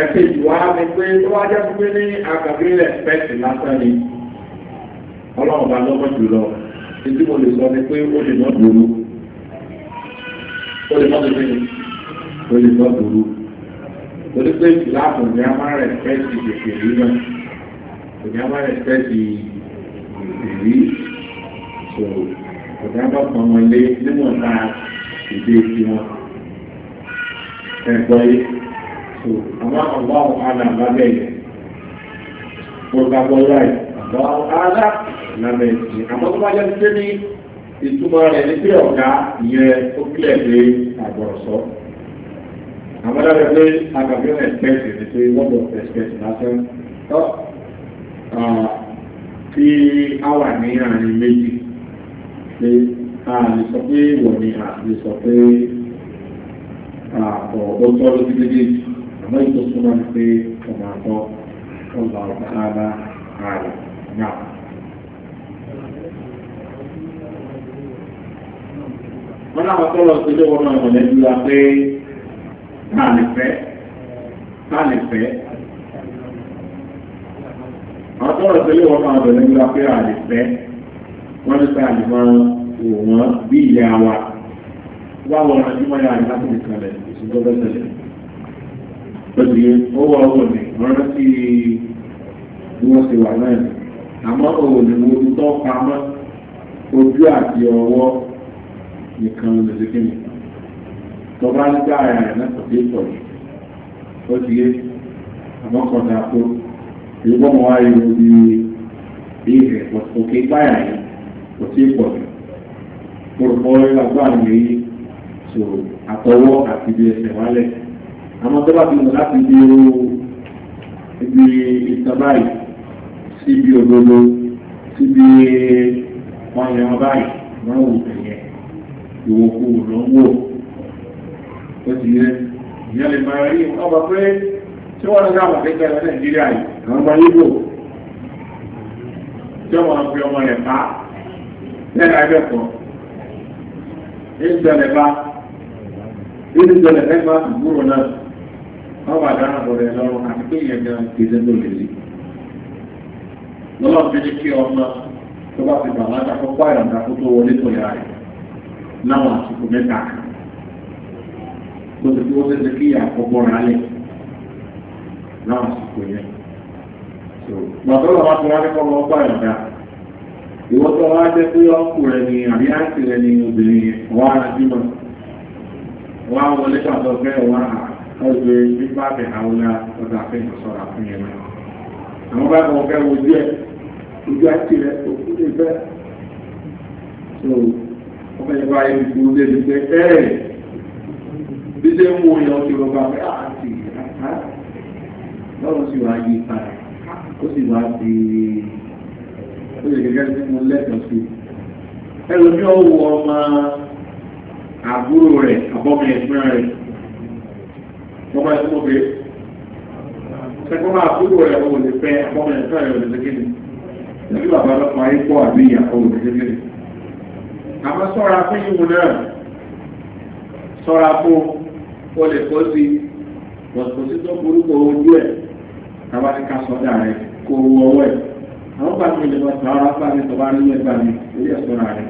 ẹ̀sìn ìwà ni pé tó wá jẹ́ pé ní àgàbí rẹ̀ pẹ́ẹ̀sì lásán ni ọlọ́run bá lọ́gbọ́n jùlọ títí mo lè sọ ni pé ó lè mọ́ dúró ó lè mọ́tò bẹ́ẹ̀ ni ó lè mọ́ burú torí pé ìlàpọ̀ ní a máa rẹ̀ fẹ́ ti gbèsè rí náà òní a máa rẹ̀ fẹ́ so òní a bá pọ̀ wọn lé níwọ̀nba ìdè tiwọn ẹ̀gbọ́ yìí so àmọ́ ọ̀gbọ́n àwọn àlàbá bẹ́ẹ̀ mo gbàgbọ́ láì ọ̀gbọ́n àwọn àlà lábẹ́ ìsìn àmọ́ tó bá jẹ́ pé ní ìtumọ̀ rẹ̀ ní pé ọ̀gá ìyẹn ó kílẹ̀ pé àgbọ̀rọ̀sọ. àwọn dábẹ́ pé àgbàgbé ẹ̀spẹ̀tì ni pé wọ́n lọ ẹ̀spẹ̀tì lásán tọ́ tí a wà ní àárín méjì pé a lè sọ pé wọ̀ ni a lè sọ pé ọ̀dọ́ tọ́ lójú méjèèjì àmọ́ ìtòsúnmọ́ ni pé ọ̀nà àtọ́ ọ̀nà ọ̀gá ara ààrẹ náà. wọ́n náà wọ́n tọ́lọ̀ sí ilé wọn náà mọ̀lẹ́bí wa pé máa lè fẹ́ máa lè fẹ́ àwọn tọ́lọ̀ sí ilé wọn náà mọ̀lẹ́bí wa pé àlè fẹ́ wọ́n ní sáà lè máa wò wọ́n bí ìyá wa wá wọ́n ọ̀nà tí wọ́n yà ní láti nìkan lẹ̀ ìṣúgbọ́gbẹ́ tẹ̀lẹ̀ lọ́sí owó ọwọ́ ni ọ̀rọ̀ tí wọ́n ti wà náà àmọ́ òun ni mo tọ́ pamọ́ ojú àti ọwọ́ nìkan ló ti kí ni tó bá ń dá ara rẹ̀ lẹ́kọ̀ọ́ sí ìtọ̀ yìí ó ti yé àmọ́kọ̀dá tó ìwọ́n wá irú bí ìrẹ̀ òkè báyà yìí kò sí ìpọ̀ jù kúròpọ̀ ìlàgbà nìyí tó àtọwọ́ àti ibi ẹsẹ̀ wálẹ̀ àmọ́ tó bá ti mọ̀ láti di irú ibi ìtàn síbi òdodo síbi ọyàn báyìí wọ́n wù pẹ̀lú ìwòkú lọ́wọ́ ó ti yẹ máa rí ọba pé tí wọ́n lọ́gbà àwọn akẹ́kẹ́ ẹ̀rọ nàìjíríà yìí àwọn ọmọ yíbò tí ọmọ fi ọmọ rẹ̀ pa lẹ́nu abẹ́kọ̀ ìṣẹ̀lẹ̀ bá ìṣẹ̀lẹ̀ fẹ́ máa àbúrò náà wọ́n wà dáná bọ̀rẹ̀ àti pé ìyẹn gan kìí ló láwọn àsìkò mẹ́ta kan lọ́sọ̀ tí wọ́n fẹ́ẹ́ kí àkọ́kọ́ rà lẹ̀ láwọn àsìkò yẹn. Màtọ́lọ̀ wa ti wá nípa ọmọ ọgbà ẹ̀dá. Ìwọ́n tó wá jẹ́ pé ọkùnrin ni àbí àǹtí rẹ̀ ni obìnrin wá bímọ. Wá wọlé pàtó fẹ́ wá ọgbẹ́ nípa àbẹ̀ àwọn ọ̀dà àfẹ́yìn sọ̀rọ̀ fún yẹn náà. Àwọn bá wọn fẹ́ wo díẹ̀ ojú àti rẹ̀ òkú lè fẹ́ ọmọ ìgbà ìlú lẹ́nu pé ẹ́ẹ̀ bí ṣe ń wo ìyàn ti rọgbà pé àti ah, àtà lọ́rùn sì wá yí padà ó sì wá di ó lè gẹ́gẹ́ bí mo lẹ́tọ̀ọ́ sí ẹlòmí ọ̀wọ́ ọmọ àbúrò rẹ̀ àbọ̀mọ̀ ẹ̀gbọ́n rẹ̀ wọ́n máa ń tó bẹ́ẹ̀ sẹ́kọ́ máa àbúrò rẹ̀ ò lè fẹ́ àbọ̀mọ̀ ẹ̀gbọ́n rẹ̀ ò lè fẹ́ kí ni ẹ̀gbọ́n bàbá lọ́kùnrin ayé pọ̀ àbí ìyàwó ò lè fẹ́ kí ni àmọ́ sọ́ra fún ìwò náà sọ́ra fún o lè kó sí lọ́sọ̀tí tó burúkú ojú ẹ̀ tàbá ti ká sọ́dà rẹ̀ kó owó ọwọ́ ẹ̀ àwọn bá mi lè wọ́n tà ọ́rọ́ bá mi tọ́ba nínú ẹgbà mi orí ẹ̀sọ́ra rẹ̀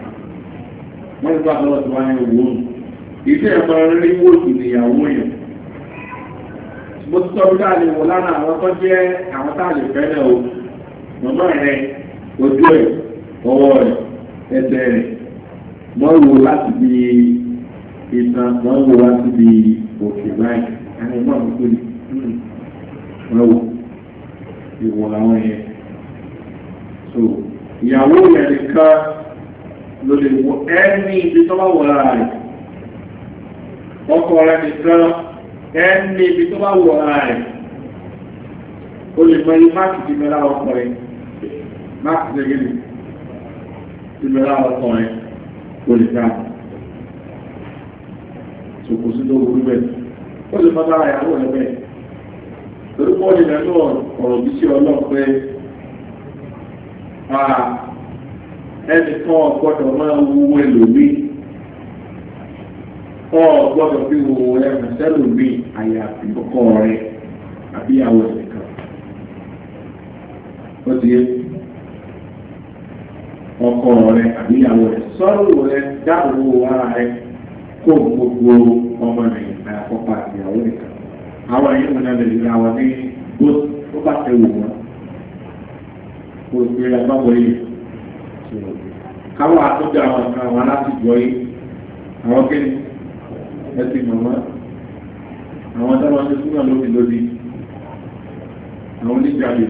wọ́n ti bá lọ́wọ́ tó wá ní owó ìfẹ́ ẹ̀fọ́ rí wòsùn ìyàwó yẹn mo ti tọ́jú dáa lè wò lára àwọn tó jẹ́ àwọn tá a lè fẹ́ náà o mọ̀mọ́ rẹ̀ ojú ẹ̀ ọwọ́ rẹ̀ ẹsẹ̀ rẹ̀ wọ́n wo láti bí ìtàn wọ́n wo láti bí òkè báyìí àmì náà ń pè wọ́n wo hmm, ìwọ̀ làwọn yẹn. so ìyàwó yẹn nìkan ló lè wọ ẹni ibi tó bá wọ lára rẹ̀ ọkọ rẹ̀ nìkan ẹni ibi tó bá wọ lára rẹ̀ o lè mọ ilé máàkì ti mẹ́ra ọkọ rẹ̀ máàkì ti mẹ́ra ọkọ rẹ̀ olùkà ṣòkò tó burú bẹ́ẹ̀ ó lè fọ́ bára ìyàwó rẹ̀ bẹ́ẹ̀ torí pọ́ ìlẹ̀ náà ọ̀rọ̀ bí sí ọlọ́pẹ́ ẹnì kan ọ̀gbọ́dọ̀ máa wúwo ẹlòmíì kọ́ ọ̀gbọ́dọ̀ fi wo ẹ̀rọ sẹ́lòmíì àyàfi ọkọ rẹ̀ àbí àwọn ẹ̀sìn kan ó ti yẹ ọkọ rẹ àbíyàwó rẹ sọ́rọ̀ rẹ dáàbò ara rẹ kó gbogbo ọmọ nìyẹn àkọ́kọ́ àbíyàwó nìkan. àwọn yìí wọn náà lè ra wọn ní bó ó bá fẹ́ wò wọn. gbogbo ìyá bá wọlé káwọn àtúndì àwọn kan wọn láti jọ yìí àwọn kéde ẹ ti mọ̀ wọ́n àwọn táwọn ṣe fún wọn lóbi lóbi àwọn oníjàlè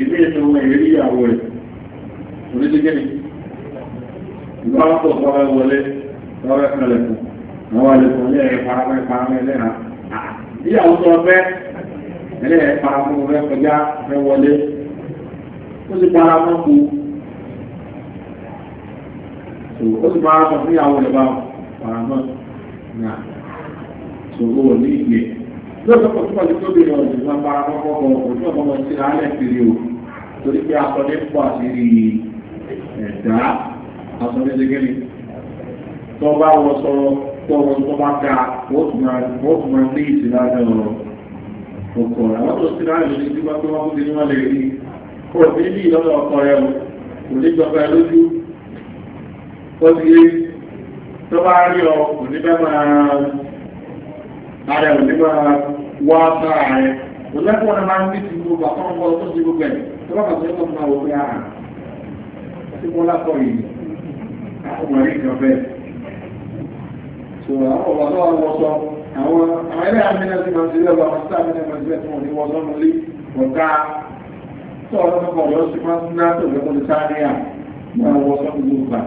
ìbí ìṣòwò ìrírí ìyàwó rẹ̀ ní ṣe gẹ́ni ìgbàwọ́n tó sọ́rọ̀ wọlé lọ́rẹ́ ẹ̀kùnlẹ̀kùn àwọn ẹ̀lẹ́kùn ní ẹ̀rẹ́ paramẹ́ paramẹ́ lẹ́ra ìyàwó tó ọfẹ́ ẹlẹ́ẹ̀ paramọ́ rẹ kọjá rẹ wọlé ó sì paramọ́ kú ó sì paramọ́ fún ìyàwó rẹ̀ bá paramọ́ náà ṣòro ní ìgbé lọ́sọ̀kọ̀ tó pàdé tóbi lọ sí máa paramọ́ kọ́kọ́ òjú ọmọ sí alẹ́ kiri o torí pé akọ́lé pọ̀ àti rí ẹ̀dá asọ́lẹ́dẹ́gẹ́ni tó bá wọ sọ tọ́wọ́ tó bá ká wọ́n máa ní ìsìnlá ọkọ̀ àwọn tó sí láàrin ní tí wọ́n tó wọ́n ti wọ́n lè rí kó o ní ìlọ́dọ̀ ọkọ̀ rẹ̀ kò ní jọba lójú ó ti tó bá rí ọ kò ní bẹ́ máa ara ò ní máa wá sára rẹ̀ kò lẹ́kọ̀ọ́ náà máa ń bí ti gbogbo àtọ́wọ́ tó ti gbogbo ẹ̀ tó bá kà sí máa wọ pé ah, tí wọ́n lápọ̀ yìí àwọn ìjọ bẹ́ẹ̀ so àwọn ọ̀wà tó wà wọ́n sọ àwọn ẹgbẹ́ àmìnà sí máa ń sílẹ̀ àwọn sí àmìnà máa ń sílẹ̀ tí wọ́n ní wọ́n sọ́nà lé ọ̀gá tó ọ̀rọ̀ mọ́kọ̀ ọ̀rọ̀ sí máa ń ná tó lọ́kọ̀ lè sáré à máa wọ́n sọ́nà gbogbo gbà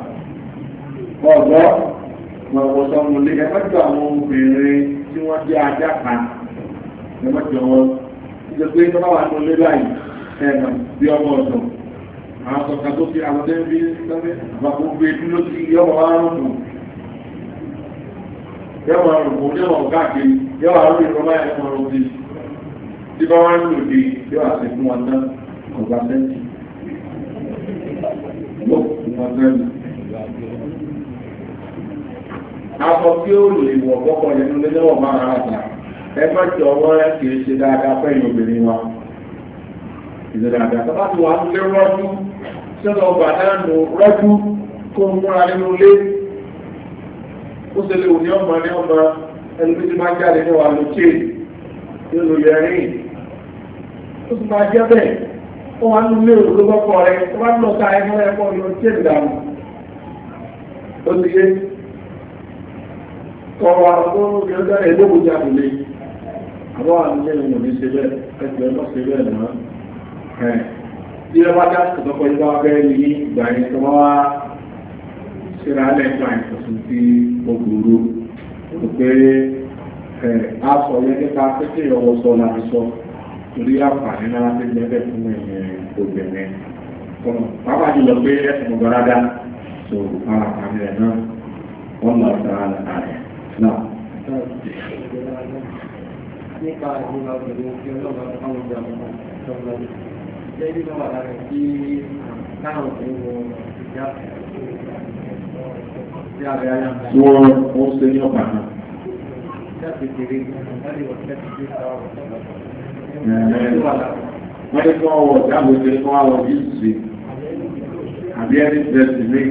ọ̀gọ́ máa wọ́n sọ́nà lé ẹgbẹ́ àwọn obìnrin tí wọ́n jẹ́ ajá kan ẹgbẹ́ jọ wọn ìjọ pé tó bá wà ní olé báyìí ẹ̀ bí ọmọ ọ̀dọ̀ àwọn ọ̀kan tó fi àwọn tẹ́lẹ̀ bí sáré àpapọ̀ gbé dúró sí yọ́wọ̀ àrùn yọ́wọ̀ àrùn kò yọ́wọ̀ káàkiri yọ́wọ̀ àrùn ìrọ̀lá ẹ̀kọ́ ọ̀rọ̀ sí tí bá wá ń lò dé yọ́ àti fún wọn náà ọ̀gbà sẹ́ńtì yóò fún wọn sẹ́ńtì. Aṣọ tí ó lè wọ̀ kọ́kọ́ yẹn ló máa rà ẹ má ọwọ́ ẹ kì ṣe dáadáa fẹ́yìn obìnrin wa ìdẹ̀dàdà tó bá ti wà nílé rọ́jú sọ́dọ̀ ọgbà náà nù rọ́jú kó múra nínú ilé ó ṣe lè òní ọmọ ní ọmọ ẹni tó ti máa jáde ní wà lókè nínú yẹrin ó ti máa jẹ́ bẹ́ẹ̀ ó wà nínú ilé òun ló bọ́kọ rẹ tó bá lọ ta ẹni wọn ẹ̀kọ́ yọ tí èdè dànù ó ti yé kọ́wa ó yọjọ́ ẹ̀ lóko jáde lé àwọn àmì ẹ̀yìn ò ní ṣe bẹ́ẹ̀ ẹgbẹ̀rún ṣe bẹ́ẹ̀ náà bí ọba dá sọ̀tọ̀ pẹ̀lú bá bẹ́ẹ̀ ní ìgbà yẹn tó wá síra lẹ́gbà ìtọ̀sùn tí ó gbòòrò ó pé a sọ yẹn nípa pípé ọwọ́ sọ láti sọ torí àǹfààní náà ti lẹ́lẹ̀ fún ẹ̀yìn obìnrin pápá jùlọ pé ẹ̀sùn gbọ́dá so ara àmì ẹ̀ náà wọ́n lọ sí ara rẹ̀ náà. nípa ìgbìmọ̀ ọ̀gbìn ní ọlọ́gbà ọ̀gbà ọ̀gbà ṣé nínú àlàyé tí káwọn òfin wọ ìjà sí abẹ́ ayé àgbà. wọ́n wọ́n ṣe ní ọ̀pá náà. Wọ́n ní kí wọ́n wọ̀ sí àgbègbè kí wọ́n wọ̀ bí ìsìn àbí ẹni tẹ̀sí mi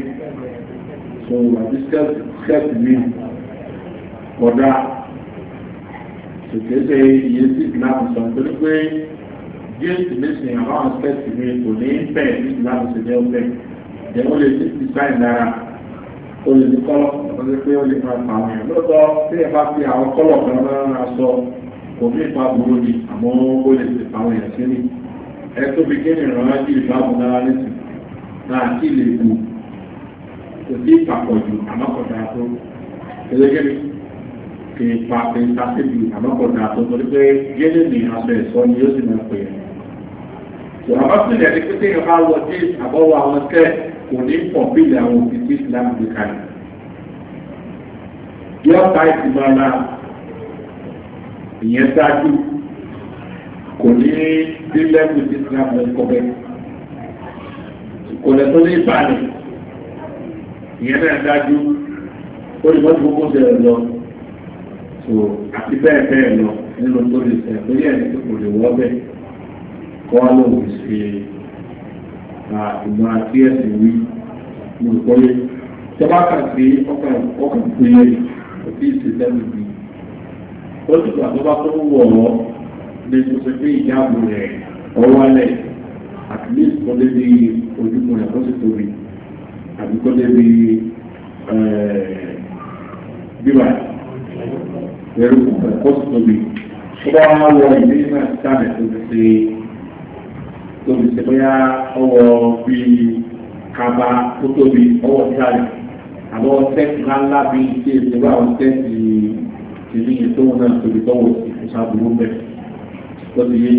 sọ̀rọ̀ àbí skẹ́ẹ̀tì mi kọ̀dá ṣèkéṣe iye sí ìgbìmọ̀ àkùsọ̀ nítorí pé géètì lẹ́sìn àwọn aspect mi kò ní bẹ́ẹ̀ níbi láti ṣe jẹ́ ọgbẹ́ ìjẹ́ ó lè ní design dára ó lè ní kọ́lọ̀ ó lè pé ó lè máa pa àwọn èèyàn lọ́tọ́ tí ẹ bá fi àwọn kọ́lọ̀ kan lára sọ kò ní ipa burú ni àmọ́ ó lè ti pa àwọn èèyàn sí ni ẹ tó fi kí ìrànlọ́wọ́ sí ìbámu dára lẹ́sìn náà kí lè bu kò sí ìpapọ̀jù àmọ́kọ̀dá tó ẹlẹ́gẹ́ni kì í pa kì í ta síbi àmọ́kọ̀dá tó torí pé gẹ́gẹ́ ni aṣọ ẹ̀sọ́ ni yóò sì máa pè é ìrànwọ́ sì lẹ̀ ní pété ìrọ̀bá wọ dé àbọ̀wọ̀ àwọn tẹ́ kò ní pọ̀ bíi àwọn òfin tí islam gbé kalẹ̀. yọ pa ìsìnkú ọ̀la ìyẹn ṣáájú kò ní bí lẹ́kùn tí islam lọ kọ́ bẹ́ẹ̀. kò lẹ́ tó ní ìbálẹ̀ ìyẹn náà dájú ó lè mọ́tò gbogbo ṣẹlẹ̀ lọ àti bẹ́ẹ̀ bẹ́ẹ̀ lọ nínú tó lè ṣẹlẹ̀ lórí ẹ̀ kọ́ lóun ṣe ìmọ̀ràn tí ẹ̀sìn wí ní ìkọ́lé tọ́ba kà sí ọkàn ọkàn péye kò tí ì ṣe sẹ́nu bí ó sì gbà tó bá tó ń wọ̀ ọ́ ní tó ṣe pé ìjáàbò rẹ̀ ọwọ́lẹ̀ at least kọ́ débi ojúmọ̀ rẹ̀ kó sì tóbi àbí kọ́ débi eh, bíbà ẹ̀rù kó sì tóbi tó bá wọ́n wọ ìdí náà sáà tó ti ṣe tóbi ṣe bóyá ọwọ́ bíi kaba tó tóbi ọwọ́ sáré àbọ̀ tẹ́sì ńláńlá bíi ṣe ìṣèlú àwọn tẹ́sì ìlú yìí tó wọn náà tóbi tọ́wọ́ ìṣàkóso àbúrò bẹ́ẹ̀ tó ti yé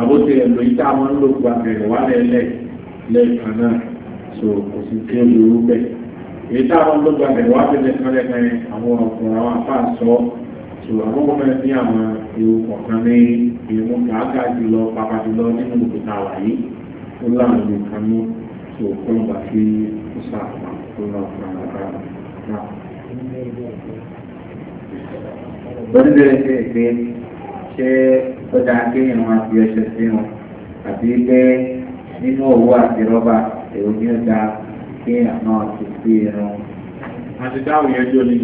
àbótí ẹ̀lò yìí tá a máa ń lò gba bẹ̀rẹ̀ wá lẹ́lẹ́ lẹ́ẹ̀kan náà so kò sí tí ó lòó bẹ̀. èyí tá a máa ń lò gba bẹ̀rẹ̀ wá lẹ́lẹ́ kan lẹ́ẹ̀kan àwọn ọkùnrin àwọn afá so àwọn ọmọ ẹ̀ ní àwọn ìwò kọ̀ọ̀kan ní ìmú kàákà jùlọ pàpà jùlọ nínú òkúta wà yìí ó láwọn ìlú kan ní tí ó kọ́ nígbà tí ó sàpà tó lọ fún àwọn náà. Wọ́n bẹ̀rẹ̀ sí pé ṣé ó dáa kéèyàn máa fi ọṣẹ sí wọn àbí pé nínú òwú àti rọ́bà èrò ní ó dáa kéèyàn náà ti sí irun. Àti dáhùn yẹn jó ni.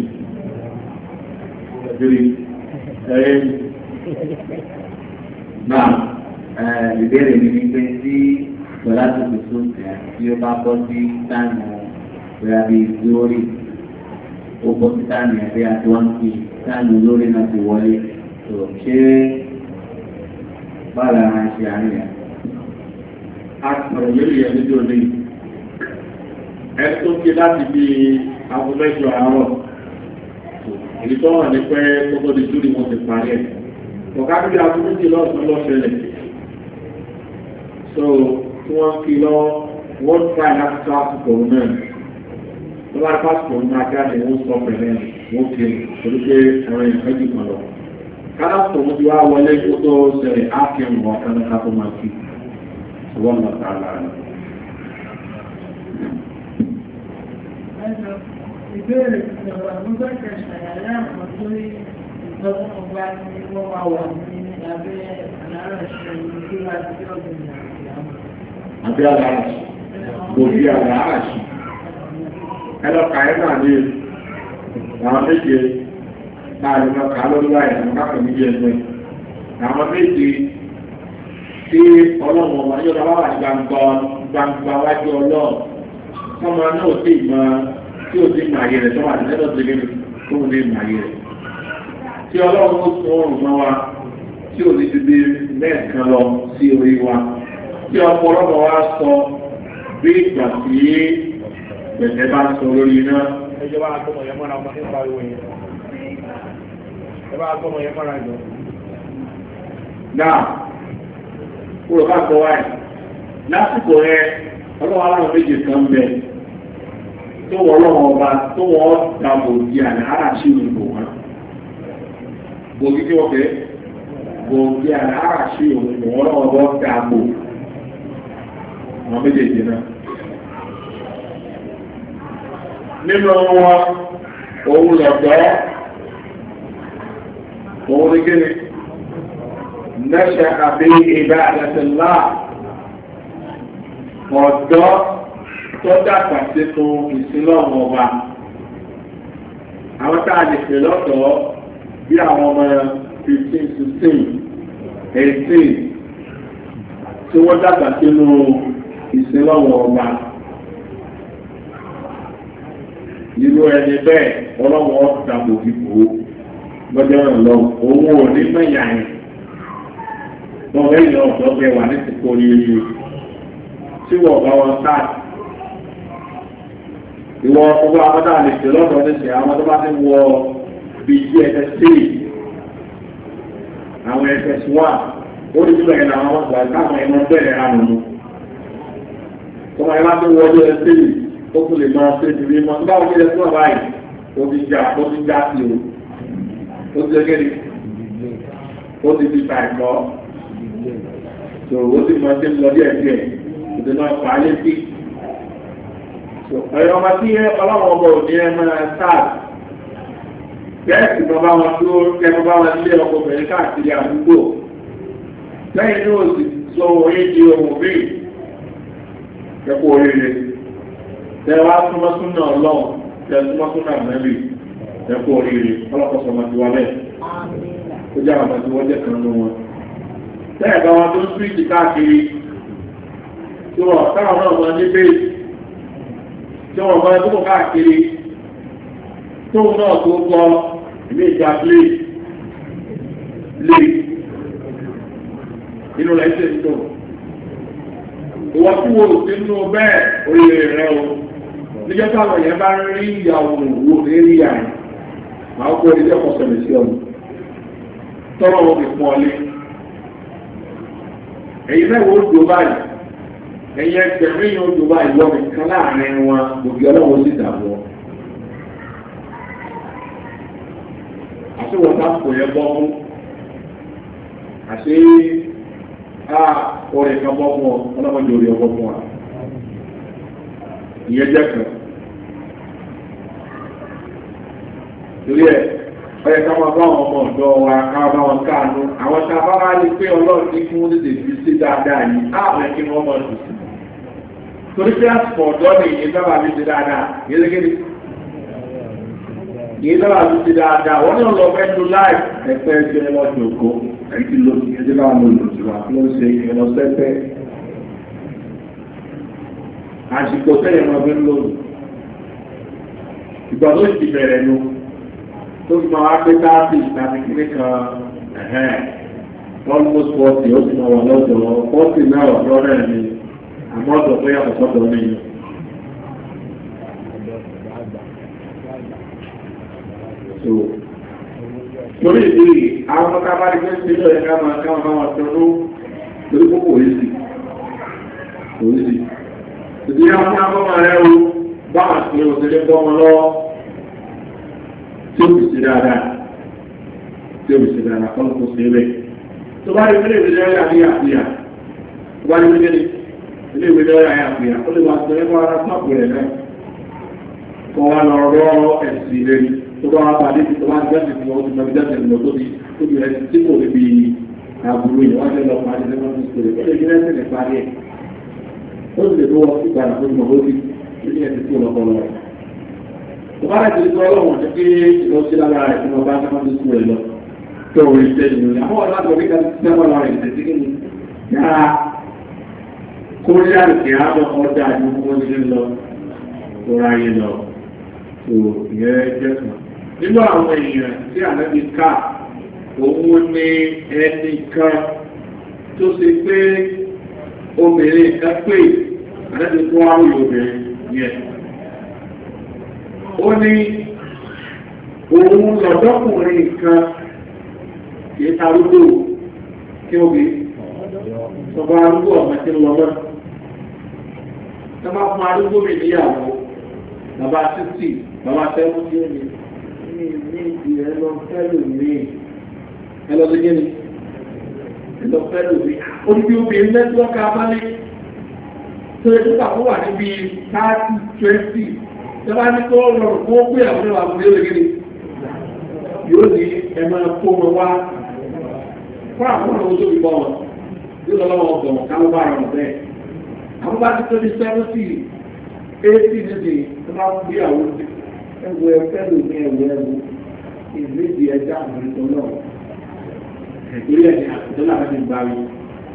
Ẹ̀rí náà eh, ìbéèrè mi ni pé tí bọ́lá tó fi sóòtì tí ó bá bọ́ sí táàmù bóyá bí lórí ó bọ́ sí táàmù ẹ̀rí àti wọ́n fi táàmù lórí náà ti wọlé tó ṣe bá lára ṣe àríyá. a sọ̀rọ̀ lórí ẹ̀ lójú òní ẹ tó ké láti bí aago mẹ́jọ àárọ̀ èyí tó hàn ní pé kókó di júlì wọn ti parí ẹ̀ mọ̀kábílì agbóhùnjì lọ́sùn lọ́sẹ̀lẹ̀ so tí wọ́n fi lọ world pride láti tó àsìkò náà tó bá tó àsìkò náà jáde wọ́n sọ pẹ̀lẹ́ wọ́n fi torí pé ẹ̀rọ ìfẹ́jì kan lọ kálá tòun ti wá wọlé tó tó ṣẹlẹ̀ á fi ń wọ́n kan ká tó máa fi wọ́n lọ sí àlá rẹ̀. Ìbéèrè ìjọba ló bẹ̀rẹ̀ ṣàyàlá àwọn tó lọ́dún àbí àláràṣẹ́ gòbí àláràṣẹ́ ẹlọ́ka ẹ̀ náà ní àwọn méje láàrin lọ́ka lọ́dún láì àwọn méje ẹgbẹ́ àwọn méje tí ọlọ́run ọmọ yóò lọ́wọ́ wà ní gbangba wájú ọlọ́run tọ́mọ náà ò sí ìmọ̀ tí ò sí ìmọ̀ àyè tó lé tó lé tí ọlọ́run ó sọ ọrùn mọ́ wa tí ò ní ti bí mẹ́ẹ̀kan lọ sí orí wa tí ọmọ ọlọ́run wa sọ bí ìgbà tí pẹ̀lẹ́ bá sọ lórí iná. ẹjọ́ bá gbọ́mọ̀ yẹn mọ́ra ọmọ nípa ìwé yẹn. ẹ bá gbọ́mọ̀ yẹn mọ́ra ìjọ. náà kúrò bá gbọ́ wáyé lásìkò rẹ ọlọ́run aláwọ̀ méje kan bẹ̀ tó wọ́n lọ́wọ́ ọba tó wọ́n dàbò di àná aláṣẹ́ òyìnbó wọn gbòógì kí wọ́n fẹ́ gbòógì aláàṣì òun ni wọ́n lọ́wọ́ bọ́ ta gbò wọn méjèèjì náà. nínú wọn òun lọ̀dọ́ òun ni kí ni nẹ́ṣẹ̀ àbí ìbá àdàtìlá ọ̀dọ́ tó dàgbà sínú ìsinlọ́wọ́ wa àwọn tá pè lọ́dọ̀ọ́. bí àwọn ọmọ tí wọ́n dàgbà sínú ìsinlọ́wọ́ ọba. irú ẹni bẹ́ẹ̀ ọlọ́wọ́ dàbò dìbò lọ́jọ́ ìlọ owó òní mẹ́yà yẹn lọ́wọ́ ẹ̀yìn ọ̀dọ́ bẹ wà ní ti kórè tí wọ́n bá wọn ká lè ṣe bíi dss àwọn ss one ó ní sílẹ̀ yẹn àwọn ọgbà táwọn ẹ̀mọ́ bẹ̀rẹ̀ hàn mú. tọ́mọ ẹ bá tó wọlé ss ó tún lè máa ṣe ìdílé mọ́ nígbà wọlé ss náà báyìí ó ti jà ó ti já sí o ó ti lé kéde ó ti fi ta ẹ̀kọ́ tó o ti mọ ṣe ń lọ díẹ̀ díẹ̀ òtún náà fà á lé sí. ẹ̀yọ́ ọmọ tí ọlọ́run ọgbà òní ẹ máa sáà bẹ́ẹ̀sì bọ́ bá wọn tó ẹmọ bá wọn lé ọkọ̀bẹ̀rẹ̀ káàkiri àdúgbò lẹ́yìn ní òsì sọ orí di ohun bí ẹkọ oríire tẹwàá súnmọ́súnà ọlọ́run tẹ súnmọ́súnà oríire tó náà tó gbọ́ ilé ìjà lé lé inú rẹ̀ ṣe ń dùn ìwọ́kúwò sínú bẹ́ẹ̀ oyè rẹ̀ o níjọ́ táwọn èèyàn bá rí ìyàwó òwò rí àrùn máa kó ilé ọkọ̀ sẹ̀lẹ̀ sí ọ̀nà tọ́rọ òfin fún ọlé èyí mẹ́wàá ó dùn báyìí ẹ̀yẹ ẹgbẹ̀rún yìí ó dùn báyìí lọ́mìkan láàrin wọn gbòógì ọlọ́wọ́ sì dàbọ̀ tí wọ́n bá kò yẹ bọ́ fún a ọ̀rẹ́ kan bọ́ fún ọ ọlọ́mọdé orí ọgbọ́ fún wa ìyẹn jẹ́ kan torí ẹ̀ ọ̀rẹ́ kan máa bá àwọn ọmọ ọ̀dọ́ wa káwọn bá wọn káàánú àwọn tá a bá wá lè pé ọlọ́run ní kí wọ́n lè fi sí dáadáa yìí àwọn ẹ̀kí wọn mọ̀ sí torí pé àsìkò ọ̀dọ́ nìyí sábà fi ṣe dáadáa yẹ́dẹ́gẹ́dẹ́ yìí náà ti ti dáadáa wọ́n ní ọ̀lọ́ fẹ́ tó láì ẹ̀fẹ́ ti ẹlọ́ ti òkó èyí ti lo ẹjẹ́ náà mo lò sí wa ló ń ṣe ẹlọ sẹ́fẹ́ àsìkò sẹ́yìn ọmọ fi ń lò ìgbà tó ti bẹ̀rẹ̀ nu tó fi máa wá pé táàbì tàbí kíní kan almost forty ó ti máa wà lọ́dọ̀ forty náà lọ́rẹ̀ mi àmọ́ ọ̀dọ̀ pé àkọ́kọ́ dọ̀ mí yìí. so lórí ìbéèrè àwọn ọmọ ká bá rí pé ṣe lọ́yẹ ká máa ká máa wọn tó ló lórí kó kò rísì kò rísì ìdí àwọn ọmọ ọmọ rẹ o bá wà sí òṣèré bọ́ wọn lọ tí ó bì sí dáadáa tí ó bì sí dáadáa kọ́ ló kó sí bẹ́ẹ̀ tó bá rí pé ìwé lọ́yẹ àbí àfihàn tó bá rí pé ilé ìwé lọ́yẹ àyà àfihàn ó lè wà sí ẹgbẹ́ ara tó àpò rẹ̀ náà kọ́ wa lọ rọ́ ẹ̀sìn lẹ́yìn tó bá wá pàdé tó bá jáde tó wọ́n ti mọ jáde lọ tó ti tó ti rẹ̀ tí kò lè bi àbúrò yìí wọ́n ti lọ pàdé tó wọ́n ti sèrè ó lè gbé ẹsẹ̀ lè parí ẹ̀ ó lè tó wọ́n ti gbàdá tó mọ̀ ó ti ní ẹsẹ̀ tó lọ bọ̀ lọ. tó bá rẹ̀ ti sọ ọlọ́wọ̀n tó ké nínú àwọn èèyàn tí ànábi ká òun ni ẹnìkan tó ṣe pé obìnrin kan pè ànábi tó wá wùlò obìnrin yẹn ó ní òun lọ́dọ́kùnrin kan kì í tarúgbó kí ó bí sọba arúgbó ọmọ tí ń lọ lọ tọ́ba fún arúgbó mi níyàwó bàbá títì bàbá tẹ́wọ́n tí ó ní ní ilé ìrẹ́ lọ fẹ́lò mi ẹ lọ sí kí ni ẹ lọ fẹ́lò mi ó ti fi obìnrin lẹ́tọ́ka thirty twenty tó bá ní kó rọrùn kó pé àwọn ẹwà àbúlé rẹ̀ kí ni yóò ní ẹ máa kó wọn wá fún àwọn ọmọ tó fi bọ́ wọn yóò lọ́wọ́ ọgbọ̀n káwọn bá ara wọn bẹ́ẹ̀ àwọn seventy eighty nídìí tó bá ń gbé àwọn ti ẹwọ ẹkẹlù ní ẹwọ ẹwọ ìgbésí ẹja àbùrùtò náà ìpínlẹ̀ ní àtúntò náà ti gbà wí.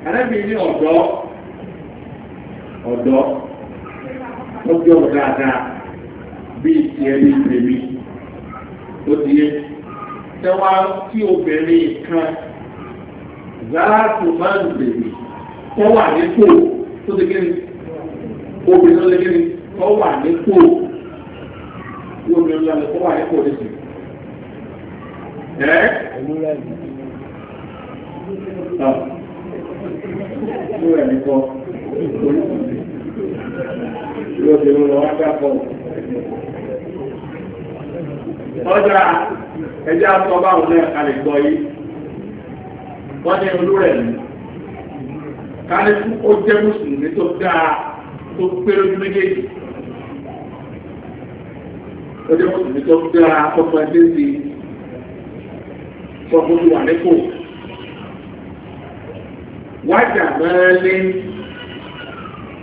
arábìnrin ní ọ̀dọ́ ọ̀dọ́ ó jẹ́ ọ̀dọ́ dáadáa bíi ti ẹni tèmi ó ti yé tẹ́wá tí obìnrin kan záàtù máa ń bèbè kọ́ wà nípò tó ti kí ni obìnrin tó ti kí ni kọ́ wà nípò tí obìnrin lọ́nà tó wà ní kalẹ̀ gbọ́ yìí, wọ́n ní olú rẹ̀ nìkan fún ó jẹ́ mùsùlùmí tó dáa tó pé méjèèjì lórí mùsùlùmí tó ń gbéra ọmọ ẹgbẹ́ sí sọ fún ìwà nípò wájà mẹ́rin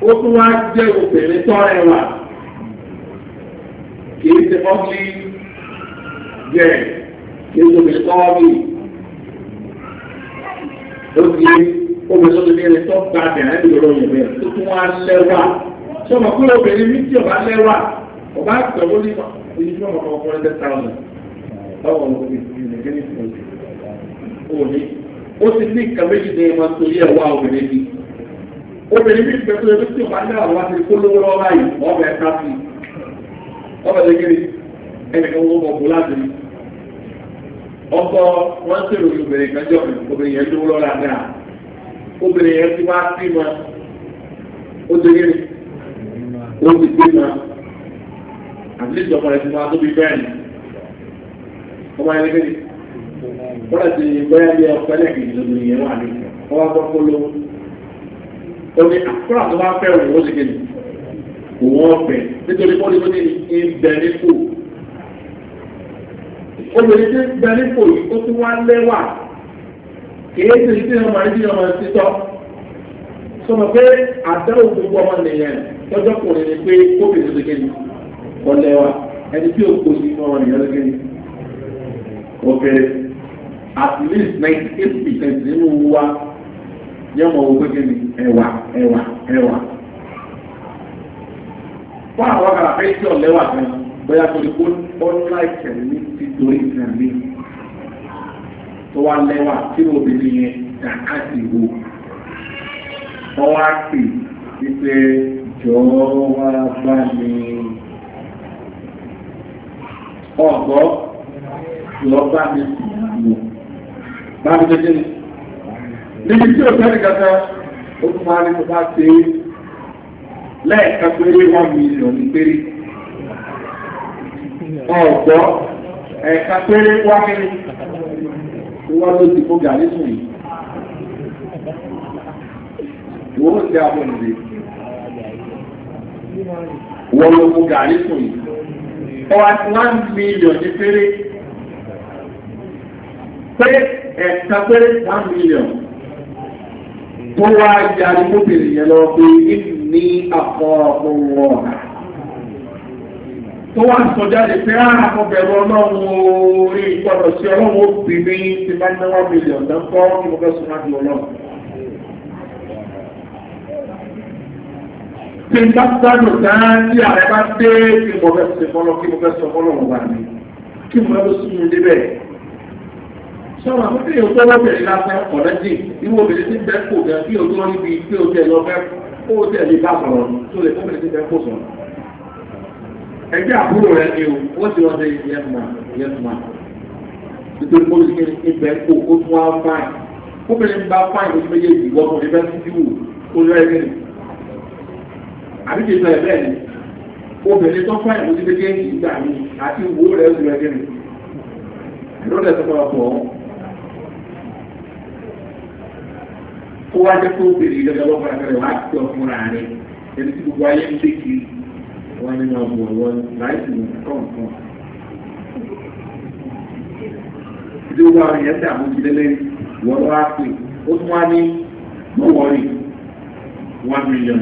ó tún wá jẹ́ obìnrin tọ́rẹ̀ wà kìí ṣe ọ́gbí jẹ́ kìí ṣe obìnrin tọ́ ọ́gbí ó ti obìnrin tó ti ní ẹni tó gba àbẹ̀rẹ̀ ìlú ọ̀yẹ̀ bẹ́ẹ̀ tó tún wá lẹ́wà sọmọ kúrò obìnrin mi tí ọba lẹ́wà ọba àgbẹ̀wò nípa èyí tí wọ́n kọ́ fún ẹgbẹ́ táwọn báwọn ló fi fi lè gẹ́ni fún oṣù òní ó ti ní nǹkan méjì ní ẹ̀ma torí ẹ̀ wá obìnrin bí obìnrin bí ìgbẹ́ tó yẹ kí wọ́n ní àwọn àti kó lówó lọ́wọ́ báyìí ọbẹ̀ ẹ̀ka sí ọbẹ̀ lẹ́gẹ́ni ẹnìkan wọ́n mọ̀ bó láti rí ọkọ̀ wọ́n ń tèrò obìnrin kan jọ obìnrin yẹn lówó lọ́wọ́ dáadáa obìnrin àtìlẹ́sì ọmọ rẹ̀ ti máa tóbi bẹ́ẹ̀ ni ọmọ rẹ̀ lẹ́gbẹ̀ẹ́ bọ́lá ti bọ́yá bí ọpẹ́ lẹ́gbẹ̀ẹ́ ìlú ìyẹn wà ní ọwọ́ tó kó ló ó ní àkúrà ah, tó bá fẹ́ òun ó sì kéde òun ọ̀fẹ́ nítorí pọ́lí tó ní ìbẹ̀ nípò obìnrin tí ń bẹ nípò yìí tó tún wá lẹ́wà kìí ṣe ìdí ọmọ ìdí ọmọ títọ́ sọmọ pé àdáwò gbogbo ọmọ nìyẹn tọ́jọ́ kùnrin ni pé kóbìnrin tó kéde ọlẹ́wà ẹni tí ó kó sí inú ọmọ at least ninety eight percent nínú wa yẹ mọ̀ owó gbẹ́gẹ́ ni ẹwà ẹ̀wà fún àwọn akara àfẹ́ tí ọ̀lẹ́wà kan bóyá kó tó wá lẹ́wà tí obìnrin yẹn ọwọ́ ọ̀gbọ́ lọ́gbà ní ìwò. Bábi jẹ́ jẹ́ níbi tí ó tẹ́lẹ̀ kẹta, ó tún máa ní tó bá ṣe lẹ́ẹ̀kan péré wọ́n mílíọ̀n ní péré. Ọ̀gbọ́ ẹ̀ka péré wá kéré wọ́n ló ti kó gàrí sùn yìí. Wọ́n ó ṣe abọ́ nìyí. Wọ́n ló kó gàrí sùn yìí forty one million ní péré pé ẹ̀ka péré one million tó wá ya arúgbóbìnrin yẹn lọ pé ní àpọ̀ọ̀pọ̀ wọn tó wá sọjáde pé àkọ́bẹ̀rọ ah, ọlọ́run orí ìpọ̀lọ̀ sí ọlọ́run ó bì mí ti máa ń náwó mílíọ̀n lọ́kọ́ kí mo fẹ́ ọlọ́run. tí n bá gbádùn tán tí ààrẹ bá dé kí mo fẹ́ ṣe fọ́lọ́ kí mo fẹ́ sọ fọ́lọ́ wọn wà ní kí mo fẹ́ sún un débẹ̀. sọ́wọ́n àwọn tí yóò tọ́wọ́ bẹ̀rẹ̀ lásán ọ̀rẹ́ jì ní mo bèrè sí bẹ́ẹ̀ kò gẹ̀ kí o tó níbi pé o tẹ̀ lọ fẹ́ kó o tẹ̀lé bá sọ̀rọ̀ tó lè fún mi sí bẹ́ẹ̀ kò sọ̀rọ̀. ẹgbẹ́ àbúrò rẹ ni o wọ́n ti wọ́n ṣe yẹ́tùmá yẹ́tùmá nítorí mo ti kí ibẹ̀ kò ó tún wá fáìn obìnrin bá fáìn oṣù méjèèjì wọ́n kò ní bẹ́ẹ̀ àbíkè sọ ẹ̀bẹ́ ni obìnrin tó fún ẹ̀mú sí pé ìgbà mi àti ìwò rẹ̀ ó ti rẹ̀ gẹ́rin lọ́dẹ̀ tó fọ́ ọkọ̀ ó wá jẹ́ kó obìnrin ìjọba lọ́kọ̀ rẹ̀ wá sí ọkùnrin rà rẹ̀ ẹni tí gbogbo ayé ń dékì wọn nínú ọgbọ̀n wọn láìsí nǹkan ìdí gbogbo àwọn èèyàn tẹ àmójúlélẹ́ wọ́n wá pè ó tún wá ní mọ́wọ́rì one million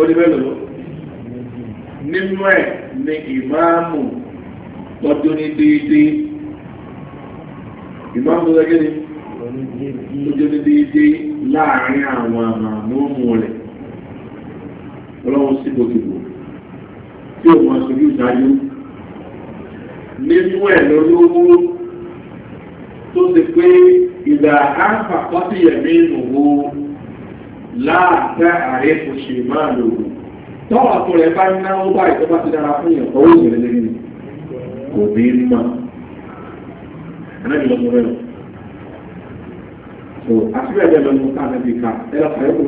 orí mélòó nínú ẹ̀ ni ìmáàmù tọ́jú ní déédéé ìmáàmù gẹ́gẹ́ ni tọ́jú ní déédéé láàárín àwọn àmàmúmú rẹ̀ ọlọ́run sí gbogbo tí o máa sojú ìdájú nínú ẹ̀ lọ́lọ́wọ́ tó ti pé ìdá àǹfà kọ́síyẹ̀mí ìnùwó láàtẹ́ ààrẹ kò ṣe máa lò ó tọ́wọ́ àpò rẹ̀ bá ná ó bá ìjọba ti dára fún yàn ọwọ́ ìyẹn lẹ́yìn ni kò ní í mọ̀ ẹ̀rẹ́dì lọ́mọ rẹ̀ so àti bẹ́ẹ̀ bẹ́ẹ̀ lọ́mọ ká ẹ̀bí ká ẹ̀rọ ààrẹ kò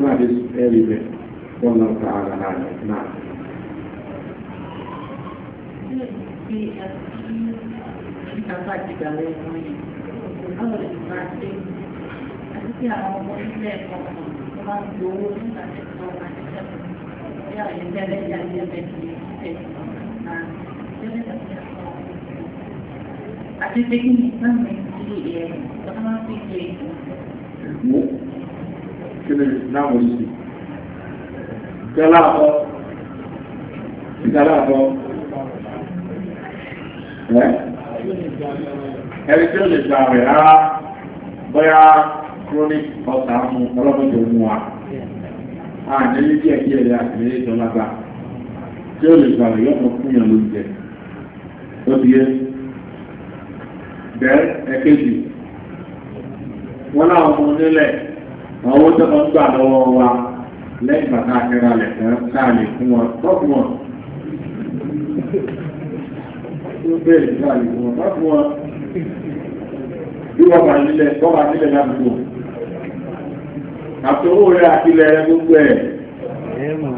máa Àwọn ọmọ ilé ẹ̀kọ́ àti pé kí ni ìsànmì ti ẹ̀ ọ̀tọ́ máa ń fi ṣe ìgbó kí ni ìsìláàmù sí ìgbàláàbọ̀ ìgbàláàbọ̀ ẹ̀ ẹni tí ó lè gbà rẹ̀ rárá bóyá chronic ọ̀tá fún ọlọ́mọdé ogun wa àdélé díẹ̀ díẹ̀ rẹ̀ àtìlẹ́yìn ìjọba gbà tí ó lè gbà rẹ̀ yọ̀pọ̀ fún yàn lóúnjẹ ó ti yẹ bẹ́ẹ̀ ẹ̀kejì wọn náà ọmọ onílẹ̀ àwọn owó tó ń gbà lọ́wọ́ wa lẹ́yìn bàtà akẹ́ra lẹ̀ tẹ́ káà lè fún wọn tọ́pù wọn bí wọ́n bá nílẹ̀ bọ́ bá nílẹ̀ lábùkù àtòwò rẹ̀ àti ilẹ̀ rẹ̀ gbogbo ẹ̀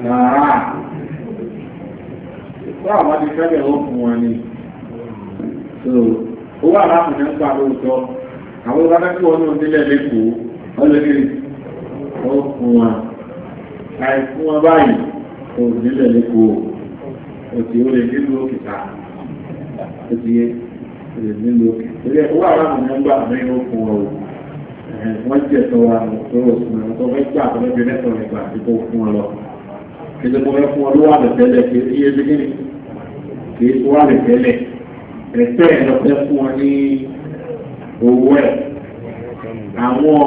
náà wọ́n àwọn ti fẹ́ bẹ̀rẹ̀ fún wọn ni owó aláàfin ń pa lóòótọ́ àwọn ọba tí wọ́n náà nílẹ̀ lẹ́kọ̀ọ́ ọlọ́dẹ̀ ó fún wọn àìfún wọn báyìí kò nílẹ̀ lẹ́kọ̀ọ́ òtí ó lè nílùú òkìta òtí ó lè nílùú òkìta owó aláàfin ń gbà mẹ́rin ó fún wọ́n jẹ́ tó wà lọ́wọ́ fún ẹ̀ tó fẹ́ gbà tó fẹ́ mẹ́tọ̀ rẹ̀ gbà tí kò fún ọ lọ. Kìí mo fẹ́ fún ọ ló wà lọ tẹ́lẹ̀ kì í yé bí kíni kì í wà lọ tẹ́lẹ̀ ẹ̀tẹ́ ẹ̀ lọ fẹ́ fún ọ ní owó ẹ̀. Àwọn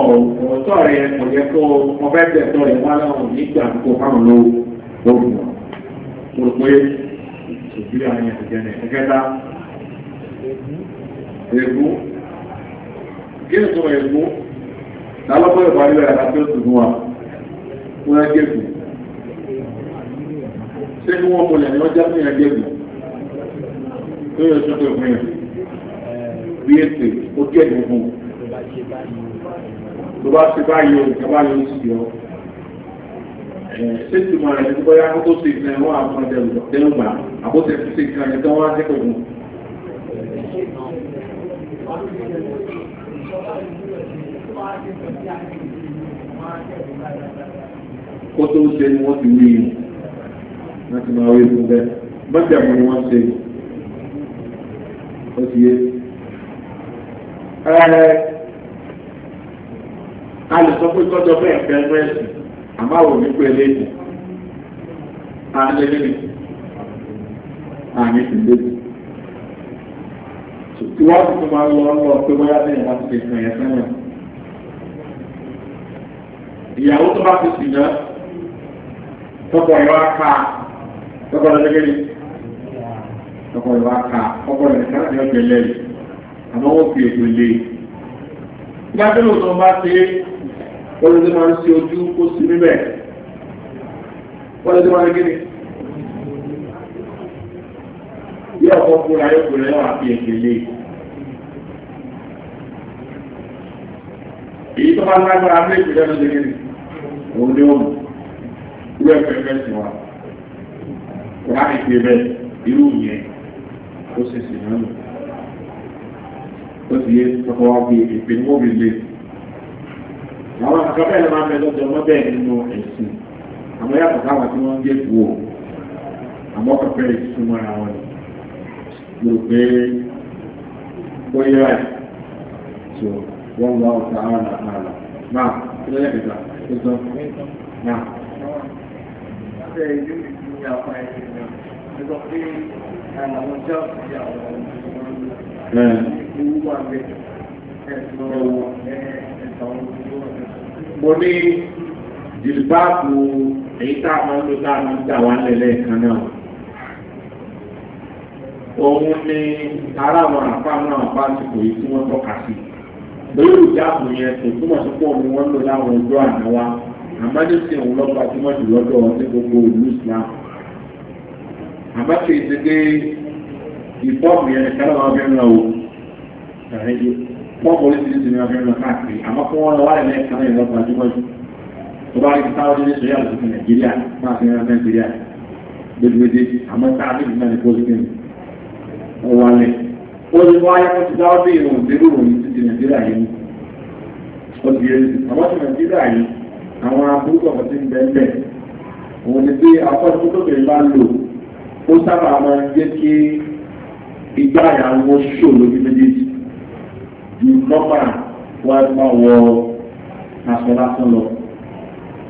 ọ̀tọ̀ rẹ̀ kò yẹ kó mo fẹ́ tẹ̀ tọ́ ẹ̀ wá láwọn nígbà tó kó fáwọn lówó lóògùn. kí ni tó lálọ́pọ̀ ìparí rẹ̀ àti oṣù fún wa fún ẹgbẹ̀gbù ṣé kí wọ́n mọ̀lẹ̀ ní ọjà fún ẹgbẹ̀gbù tó yẹ ṣọ́tọ̀ fún ẹ̀ bí èsì ó kí ẹ̀gbẹ̀ fún tó bá ṣe báyìí òǹkà báyìí ó sì yọ ṣé tí mo rẹ̀ ní bóyá kó tó ṣe wọn àwọn ọmọdé ọ̀dẹ́gbà àbótẹ́ fi ṣe kó tó ń ṣe ni wọ́n ti wí yìí wọ́n ti máa wí fún bẹ́ẹ̀ bọ́jà mi ni wọ́n ṣe ó ti yé. a lè sọ pé tọ́jọ́ bẹ́ẹ̀ fẹ́ rẹ́sì àmọ́ àwọn òní pé léèdì a lè léèdì a ti léèdì. Ìwádìí tó máa ń lọ ọ́ lọ pé bóyá bẹ́ẹ̀ wá ṣe fún ẹ̀yẹ sẹ́yìn ìyàwó tó bá ti sì náà tọ́kọ̀ ìwá ká tọ́kọ̀ lọ́jọ́gẹ́rì tọ́kọ̀ ìwá ká ọkọ̀ rẹ̀ nìkan ní ọjọ́ ilẹ̀ yìí àmọ́ wọ́n fi ètò ilé ìgbà tó lóòótọ́ bá ṣe wọ́n ti máa ń ṣe ojú kó sí níbẹ̀ wọ́n ti máa ń gíní bí ọkọ̀ fúnra yóò fúnra yóò àfi ètò ilé èyí tó bá lágbára méjì lẹ́nu ṣe gíní òun ní òun irú ẹ̀fẹ́ fẹ́ sí wa láì pé bẹ́ẹ̀ irú yẹn ó sì sì náà nù ó sì yé tọkọ wa bí èpè ní wọ́n fi lè àwọn àkàbẹ́ ẹ̀ máa ń bẹ lọ́jọ́ ọmọ bẹ́ẹ̀ nínú ẹ̀sìn àmọ́ yàtọ̀ káwọn tí wọ́n ń gé bu o àmọ́ kọ̀ọ̀kẹ́ ìtumọ̀ ara wọn ni rò pé ó yẹ tó wọ́n lọ́wọ́ sáà náà náà náà lọ́yẹ̀ kẹta ṣùgbọ́n náà. Ṣé ìlú ìlú ni àwọn ẹ̀sìn náà? Ṣé sọ pé àwọn jẹ́ òṣìṣẹ́ àwọn ọmọ ìlú wà bẹ́ẹ̀? Mo ní jìlbáàbù èyí tá a máa ń lò tá máa ń gbà wá lẹ́lẹ́ kan náà. Òun ni aráàlú àpá náà bá ti kò yí tí wọ́n tọ́ka sí lórí ìjáàbù yẹn kò túmọ̀ sí pọ̀ ni wọ́n lò láwọn ọjọ́ àná wa àmọ́ ní sí òun lọ́pàá tí wọ́n jù lọ́dọ̀ ní gbogbo ìlú islam àmọ́ kì í ṣe pé ìfọ́ọ̀mù yẹn nìkan náà wọ́n fi ń lọ o pọ́ọ̀mù oríṣiríṣi ni wọ́n fi ń lọ káàkiri àmọ́ kí wọ́n lọ wá lẹ́yìn kan náà lọ́pàá tí wọ́n jù tó bá rí ti táwọn ilé sọ yàtọ̀ sí nàìjíríà máa fi ń lọ nàìjíríà gbẹdúgbẹdẹ àmọ́ táà ó lè wá ayé fún ti dá ọdún ìrùn ìbírù òní ti ti nàìjíríà yìí ó ti yẹ sí àwọn ti nàìjíríà yìí àwọn abúrúkọ kan ti ń bẹ ńbẹ òun ni pé afọ́jú tó bẹ̀rẹ̀ bá lò ó sábà máa ń jẹ́ kí igbá àyà wọn ṣò lórí méjèèjì ju nọ́mbà wọn máa wọ aṣọ lásán lọ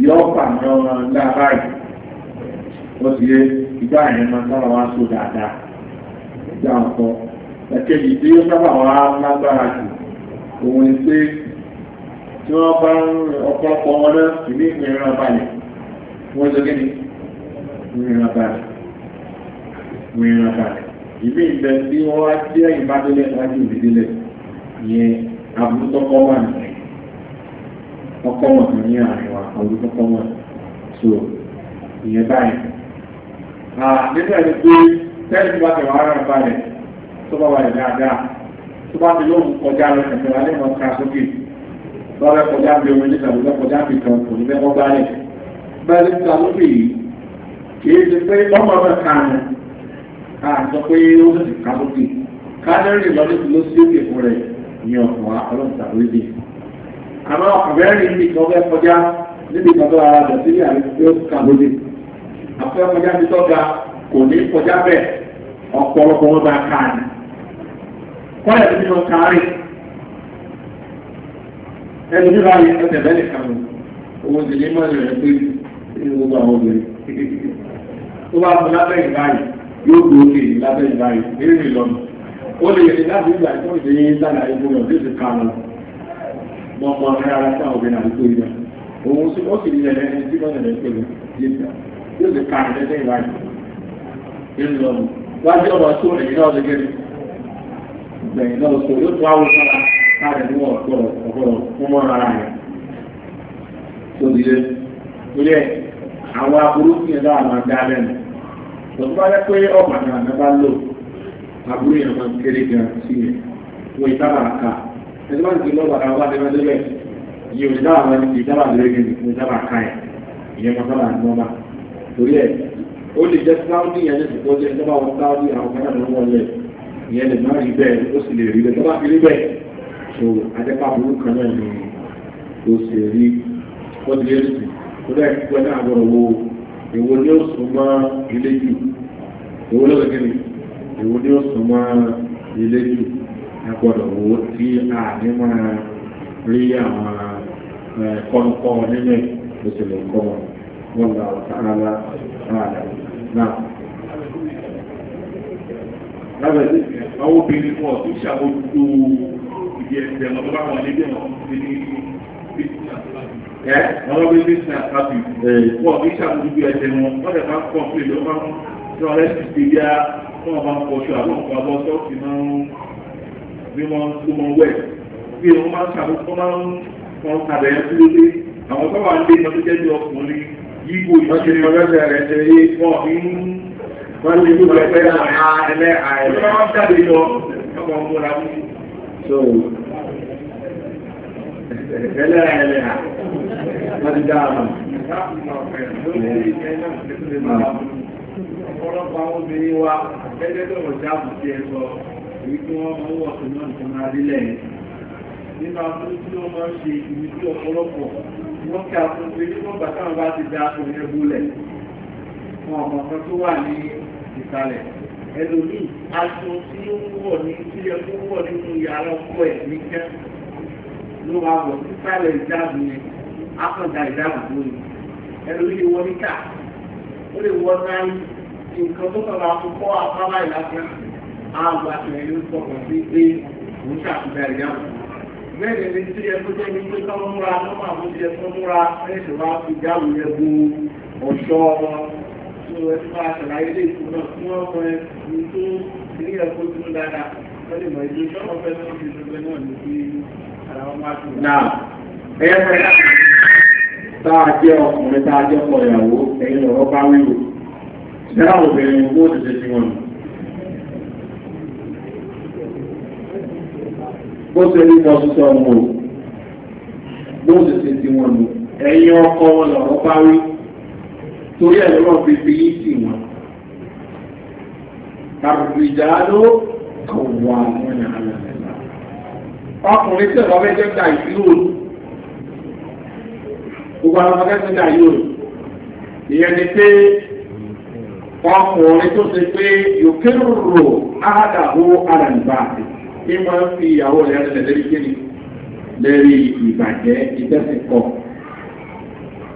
yọ fà ní ọmọ ńlá báyìí ó ti igbá àyà máa sábà wá ṣò dáadáa ìgbà ọ̀kan ẹ̀kejì tí ó sábà wá lágbára jù òun ni pé tí wọ́n bá ń ọ̀pọ̀lọpọ̀ wọn náà sì ní ìrìnà balẹ̀ wọ́n jẹ́ gẹ́ni ìrìnà balẹ̀ ìrìnà balẹ̀ ìbí ìbẹ̀ tí wọ́n wá sí ẹ̀yìn bá délẹ̀ wájú ìdílé yẹn àbúrútọ́kọ́ wà nìyẹn ọkọ̀ wọn ní àárín àbúrútọ́kọ́ wọn so ìyẹn báyìí. nínú ẹ̀ ni pé tẹ́lifí bá tẹ̀ wá rárá balẹ̀ tó bá wà ní dáadáa tó bá ti lóhùn kọjá lọ wa lẹ́nu ọ̀ka sókè lọ́wọ́ kọjá bí omi níta ló kọjá bí kan kò ní lẹ́kọ́ bá rẹ̀ bá lè ta lókè yìí kìí ṣe pé ọmọ náà kà ní a sọ pé ó sì ká sókè kádẹ́rì lọ ní ló sí òkè fún rẹ̀ ní ọ̀pọ̀ ọlọ́ọ̀ta lóde àmọ́ ọ̀bẹ́rìn níbi kan fẹ́ kọjá níbi kan tó ara dọ̀ sílẹ̀ àti tí ó kà lóde ọ̀pọ̀lọpọ̀ wọn bá kà ní. wọ́n yẹ̀ nínú kárí ẹni bí báyìí ẹ̀tẹ̀ bẹ́ẹ̀ nìkan mú owó ti ní mọ́ni rẹ̀ pé nínú gbogbo àwọn obìnrin tó bá fún lábẹ́ ìbáyìí yóò gbé òkè lábẹ́ ìbáyìí nínú ìlọ́nà ó lè yẹ láti ìgbà tó ń ṣe yé sára ìbò rẹ̀ tó ti ká lọ mọ́ lẹ́yìn náà sọ yóò tún àwọn sára láàrin ní ọ̀gbọ̀rọ̀ ọ̀gbọ̀rọ̀ fún mọ́ rẹ̀ tó di lé torí àwọn aburú fi ẹ̀dá àwọn adá lẹ́nu lọ́tún bá yẹ pé ọ̀pá náà ní bá lò aburú yẹn máa ń kéré gan sí ẹ̀ wọ́n ìtàbà ká ẹni máa ń ti lọ́wọ́ àwọn bá dẹ́gbẹ́ dẹ́gbẹ́ yìí òní dáhà wọn ti dábàá lórí ẹni ìfún dábàá ká ẹ̀ ìyẹn máa torí ìyẹn lè má rí bẹ́ẹ̀ ó sì lè rí bẹ́ẹ̀ tó bá fi rí bẹ́ẹ̀ so adẹ́pá burúkú kan náà ni ó sì rí wọ́n ti lé sí tó dẹ́ pípẹ́ náà gbọ́dọ̀ wo èwo ni ó sùn mọ́ ilé jù èwo ló gẹ́gẹ́ ni èwo ni ó sùn mọ́ ilé jù agbọ́dọ̀ wo tí a ní máa rí àwọn kọ́ńkọ́ nínú ìpèsè lè kọ́ wọn lọ́wọ́ sáárá náà lábẹ́ àwọn obìnrin fún ọ̀tún ṣàmójútó ìdí ẹ̀sẹ̀ ọmọ bá wọn lédè wọn ti ní ẹ wọn lọ bí bísínà kábì wọn ọ̀tún ṣàmójútó ẹ̀sẹ̀ wọn wọn lè máa ń kọ́ pé lọ́wọ́ máa ń tọ́ ẹ̀sì ti yá wọn máa ń kọṣọ àwọn nǹkan abọ́ sọ́ọ̀tì máa ń bí wọ́n tó mọ wẹ̀ bí wọ́n máa ń ṣàmójútó máa ń wọn kàdé ẹ̀ àwọn tó wà ń lé ìmọ̀tẹ́jẹ́ bí ọkùnrin yíkó ìmọ̀tẹ́jẹ́ rẹ̀ ṣe é wọ́n wọ́n lè ní ẹgbẹ́ ààrẹ ààrẹ wọ́n jáde lọ ọmọ múra mú so ẹlẹ́ ẹlẹ́ à wọ́n ti dá àmà ọ̀pọ̀lọpọ̀ àwọn obìnrin wa gẹ́gẹ́ tó wọ́n jáàbù sí ẹ̀sọ́ èyí tí wọ́n máa ń wọ̀ sí náà nìkan máa lílẹ̀ nípa fún tí wọ́n máa ń ṣe ìbí tí ọ̀pọ̀lọpọ̀ wọ́n kí a fún pé nígbà táwọn bá ti dá aṣọ yẹn bólẹ̀ wọn ọ̀pọ̀ tó wà ní ìsàlẹ̀ ẹlòmíì aṣọ tí ó wọ̀ ní tí ẹ kó wọ̀ nínú yàrá ọkọ ẹ̀ níkẹ́ ló máa wọ̀ sísàlẹ̀ ìjáàbù yẹn akọ̀dà ìjáàbù tó yẹ ẹlòmíì wọ níkà ó lè wọ náà nǹkan tó kọ̀ máa kọ́ apábá ìlàkẹ́ àwọn àtìlẹyìn ló sọ̀rọ̀ sí pé òun ṣàfihàn ìjáàbù bẹ́ẹ̀ ni tí ẹ tó jẹ́ ní pé tán múra tó máa mú múra ẹ̀ ṣùgbọ́n fi jáwèé bu tó ẹni máa ṣàlàyé lè tó náà tí wọ́n mọ ẹni tó ní ẹ̀kọ́ tó ń dáadáa wọ́n lè mọ ìlú sọ́mọ fẹ́ tó ń fi ẹyẹ fẹ́ tá ọkùnrin tá a ìyàwó ẹ̀yin lọ́rọ́ bá wíwò. Ìjọba obìnrin owó ti ti wọn. Bó ṣe ní mọ sísọ wọn o, bó ti wọn o, ẹ̀yin ọkọ wọn bá wíwò torí ẹ̀ lọ́wọ́ fi fi yí sí wọn àrùbìdàdó kò wà wọn àlẹ́ ọkùnrin tí ọ̀rọ̀ mẹ́jọ gbà ìlú gbogbo àwọn akẹ́kọ̀ọ́ gbà yóò ìyẹn ni pé ọkùnrin tó ṣe pé yòókèrò àádàwó ara ìgbà ní wọ́n fi ìyàwó rẹ̀ lẹ́rí ìbàjẹ́ ìtẹ́sìnkọ̀ọ́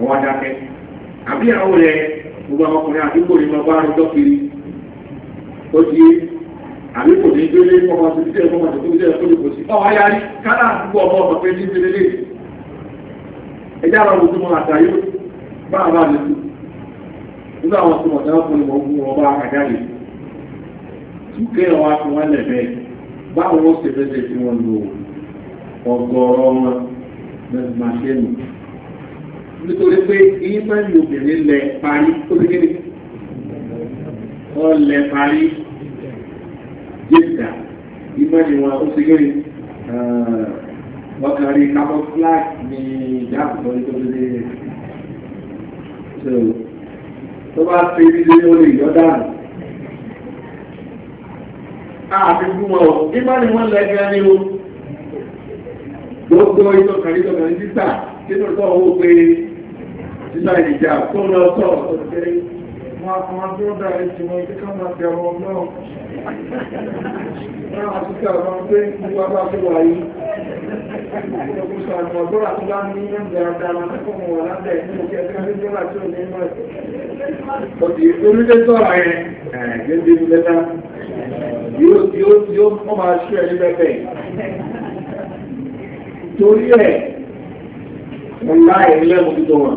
wọ́n wá dákẹ́ àbí àwọn rẹ̀ gbogbo ọkùnrin kiri ó ti àbí kò ní ọmọ tó ọmọ tó ọmọ tó àdúgbò ọmọ ọmọ pé ní ẹjá bá àbá lè tù nígbà àwọn tó mọ̀tá fún ìmọ̀ ogun ọba àgáyé túkẹ́ ọwọ́ fún wọn lẹ̀bẹ̀ báwọn ó ṣe fẹ́ fi wọn lò ọgọ́rọ̀ wọn nítorí pé ìmọ̀lì obìnrin lẹ parí tó ti kéde wọ́n lẹ parí jẹ́ta ìmọ̀lì wọn ó ti kéde wọ́n kàn rí kábọ̀ flag ní ìdáàbòbọ̀ ní tó ti kéde tó bá fi ilé orí ìyọ́dàrú àti gúnmọ̀ ọ̀ nígbà ni wọ́n lẹ́gbẹ̀ẹ́ ní o gbogbo ìtọ̀kàrí tọ̀kàrí títà nínú ìtọ̀ owó pé nígbà ìjà tó lọ sọ ọ̀tọ̀tẹ̀rẹ́ wọn àwọn tó dáre tí wọ́n ikú kọ́mọ̀ tẹ ọmọ náà náà àtúkà wọn pé nígbà bá tó wà yìí ọkùn sàmì ọ̀dọ́rà tó bá ní ẹgbẹ̀ àdára kọ́mọ̀ wà lábẹ́ ìlú kẹta ní dọ́là tí ò ní mọ̀ ọ̀dì orílẹ̀ sọ̀rọ̀ yẹn gẹ́gẹ́ bí lẹ́tà yóò mọ́ máa ṣú ẹ̀ níbẹ̀ bẹ́ẹ̀ torí ẹ̀ ọ̀la ẹ̀ lẹ́mú tó wọn.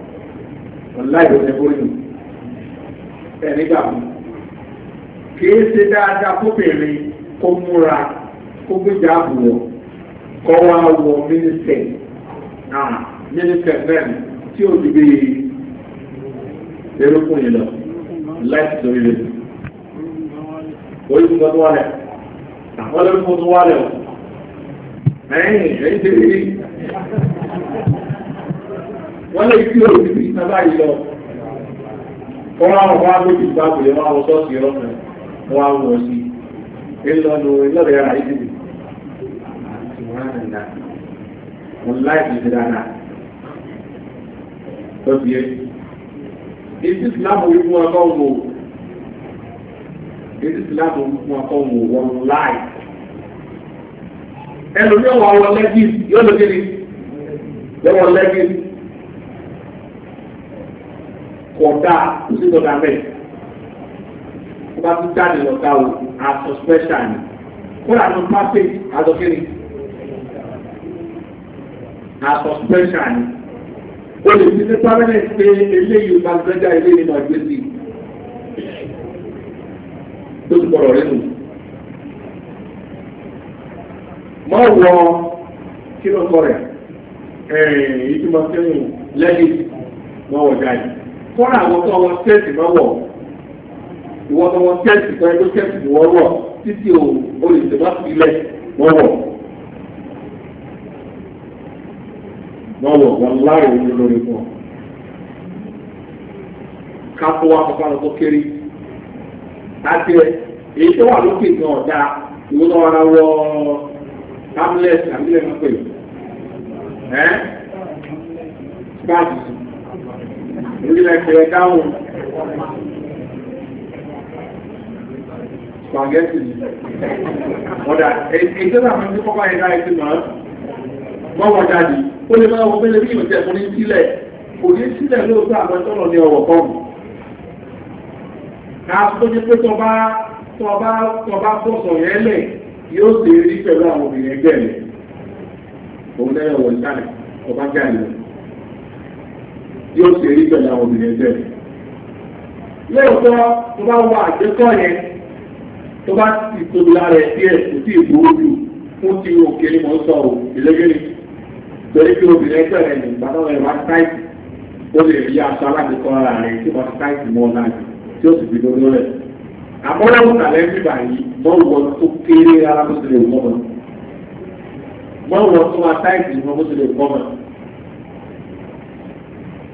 láì ọ̀sẹ̀ bóyìn ẹni gbàgbọ́ kìí ṣe dáadáa fóbìnrin kó múra kó gbéjà àbùwọ̀ kọ́ wá wọ mínísẹ̀ náà mínísẹ̀ náà tí ó ti bí erékùn yìí lọ láì tó ilé orí fún ọdún wálẹ̀ àwọn olórí fún ọdún wálẹ̀ o ẹ̀yìn ẹ̀yìn tẹ̀lé wọ́n lè fi òòrùn sí ìtàbá ìlọ wọ́n á wọ́n á lójú ìgbàgbò yẹn wọ́n á wọ́n sọ́ọ̀sì rọ́ọ̀nà wọ́n á wọ́n sí ìlọ́nu ìlọ́rẹ̀ yàrá ìdìbò àti wọ́n á nà wọ́n láì fi dáná lọ́bi yẹn ìdí ìsìlámù wí fún ọkọ̀ òun o ìdí ìsìlámù wí fún ọkọ̀ òun o wọ́n yóò lọ sí ni lọ́wọ́ kọ̀dá kò sí lọ́dà bẹ́ẹ̀. Ó bá tún jáde lọ́dà o, aṣọ special ni. Kódà ní pápẹ́ aṣọ kiri. Aṣọ special ni. O lè fi ní pàmẹ́lẹ̀ pé eléyìí bá gbẹ́jà eléyìí náà gbé sí. Tó ti gbọ́dọ̀ rẹ̀ nù. Mọ̀ wọ kí ló sọ rẹ̀? Ẹ̀ẹ́n ìtumọ̀ sẹ́yìn lẹ́yìn mọ̀ wọ̀ jáde fọ́nà àwọn tó wọn tẹ́ẹ̀sì máa wọ̀ ìwọ́n tó wọn tẹ́ẹ̀sì tó ẹgbẹ́ tẹ́ẹ̀sì wọ́n wọ̀ títí o olùsèlú àfilẹ̀ wọ́n wọ̀ wọ́n wọ̀ wọ́n láàyè wọn lórí fún ọ. kápó wa kọ́kọ́ lọ kéré àti èyí tó wà lókè náà dáa ìwé náà wọ́n wọ tablet àbílẹ̀ náà pè é ìrìnlẹ̀ pẹ̀lẹ̀ ọ̀dà ìjọba àwọn tí kọ́kọ́ ẹ̀dá ẹ̀sìn máa mọ́wọ́ jáde ó lè máa wọ́n pẹ́lẹ̀ bí ìmọ̀tẹ̀ fún ní sílẹ̀ kò ní sílẹ̀ lóòótọ́ àwọn tọ́lọ̀ ní ọwọ́ kọ́ọ̀mù káàkiri pé tọba tọba tọba fọ́sọ̀ yóò ṣe rí pẹ̀lú àwọn obìnrin bẹ́ẹ̀. lóòótọ́ tó bá wọ àjẹkọ́ yẹn tó bá ti tóbi lára ẹ̀ díẹ̀ kò sí ìgbòho jù fún ti òkè ni mò ń sọ ò ìlẹ́gẹ́rì torí pé obìnrin ẹgbẹ́ ní ìgbàdàn rẹ̀ wá táìtì ó lè rí aṣọ alágbèkọ́ ara rẹ̀ tí wọ́n táìtì mọ́ náà tí ó sì fi dodo rẹ̀. àmọ́lẹ́wò tàlẹ́ bíbà yìí mọ́wọ́ tó kéré rárá bó mọ́ mọ́wọ́ tó wá táìtì mọ́ bó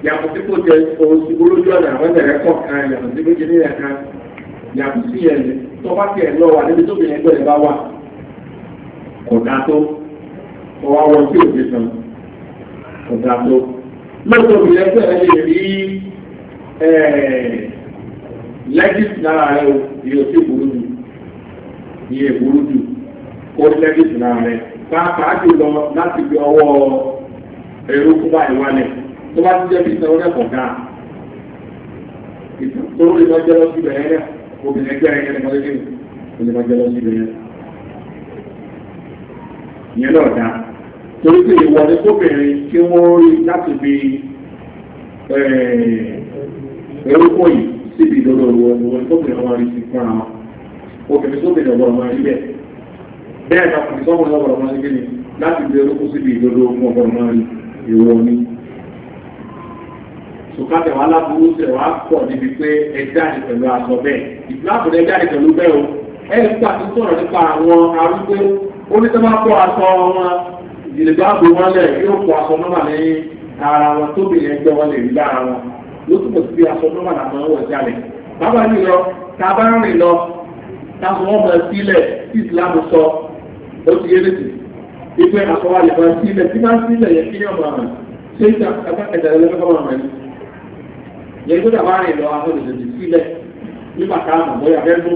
yàtọ̀ tí kò jẹ oṣù olójú ọ̀nà àwọn ẹ̀rẹ́ kọ̀ kan yàtọ̀ tí kò jẹ nílẹ̀ kan yàtọ̀ sí ẹ̀ tó bá tiẹ̀ lọ wà níbi tóbi yẹn gbọ́dẹ̀ bá wà kò dá tó kò wá wọ sí òde kan kò dá tó lọ́sọ̀ òbí yẹn gbọ́dẹ̀ lè rí lẹ́gìs lára rẹ o ìyẹn òsì burú jù ìyẹn burú jù kó lẹ́gìs lára rẹ pàápàá jùlọ láti fi ọwọ́ ẹ̀rú kúbà ìwálẹ̀ tó bá ti jẹ́ bí ìtẹ̀wọ́ rẹ̀ kọ̀ọ̀gá tó lè máa jẹ́ lọ sí ibẹ̀rẹ̀ rẹ̀ obìnrin ẹgbẹ́ rẹ̀ kẹ́lẹ́ tó lè jẹ́ lọ sí ibẹ̀rẹ̀ ìyẹn náà dá torí pé ìwọlé kóbìnrin kí wọ́n rí láti fi ẹrúkọ yìí síbi ìdọ́dọ̀ ìwọlé kóbìnrin wọn rí sí fúnra wọn obìnrin sóbìnrin ọ̀gbọ̀n máa rí bẹ́ẹ̀ bẹ́ẹ̀ ni ọkùnrin sọ́kùnrin ọ̀gbọ̀n máa rí kí láti fi ẹrúkọ síbi ìdọ́dọ̀ ọgbọ̀n máa rí ìwọ tòkátẹ̀ wà lábúrú tẹ̀ wà pọ̀ níbi pé ẹ jáde pẹ̀lú aṣọ bẹ́ẹ̀ ìsìláàmù rẹ jáde pẹ̀lú bẹ́ẹ̀ o ẹ nípa ti sọ̀rọ̀ nípa àwọn arúgbó onítọ́mọ́ kọ́ aṣọ wọn ìdìbàbò wọn lẹ̀ yóò kọ́ aṣọ nọ́mà ní ara wọn tóbìnrin ẹgbẹ́ wọn lè rí lára wọn ló túbọ̀ sí aṣọ nọ́mà làwọn wọ̀ jálẹ̀ bàbá mi lọ ta bá rìn lọ ta sọ wọn bọ sílẹ̀ tí ìsìláàmù sọ ó ti yé lẹ́sìn ìpè àkọwálẹ̀ bọ sílẹ̀ tí bá sílẹ̀ yẹ kí ni ọmọ àmà ṣé ìjà ẹ̀dá ẹ̀dá ọmọ àmà yẹn tó dàbá rìn lọ àwọn olùdòdì sílẹ̀ nígbà tá bóyá fẹ́ lókè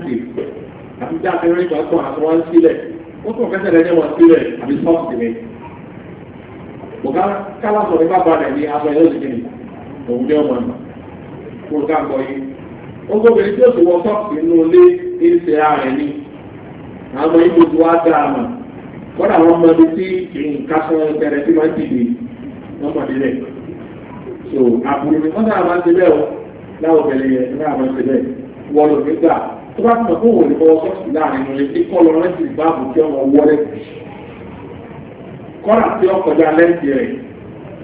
àti bí akẹ́rẹ́ ìjọ tó àtọ́ wọn sílẹ̀ ó tó fẹsẹ̀ lẹ́yìn wọn sílẹ̀ àbí sọ́ọ̀sì mi. bùkà kálá nípa balẹ̀ ní aṣọ ẹ̀yọ́ òun ọmọ ẹ̀mọ́ kó o ká ń bọ yìí. ó tí ó sì wọ sọ́ọ̀sì ilé ìṣe ààrẹ ni gbogbo á dáa mọ̀ kọ́dà wọn mọ so àpòrìmì wọ́n náà máa ń ṣe bẹ́ẹ̀ o láwùjẹ́lẹ̀ yẹn náà máa ń ṣe bẹ́ẹ̀ wọ́n lò ní gbà tó bá tún fún òní bọ́ sọ́ọ̀sì láàrin ilé tí kọ́ lọ rẹ́sì báàbù tí ọmọ wọlé kọ́là tí ó kọjá lẹ́ǹtì rẹ̀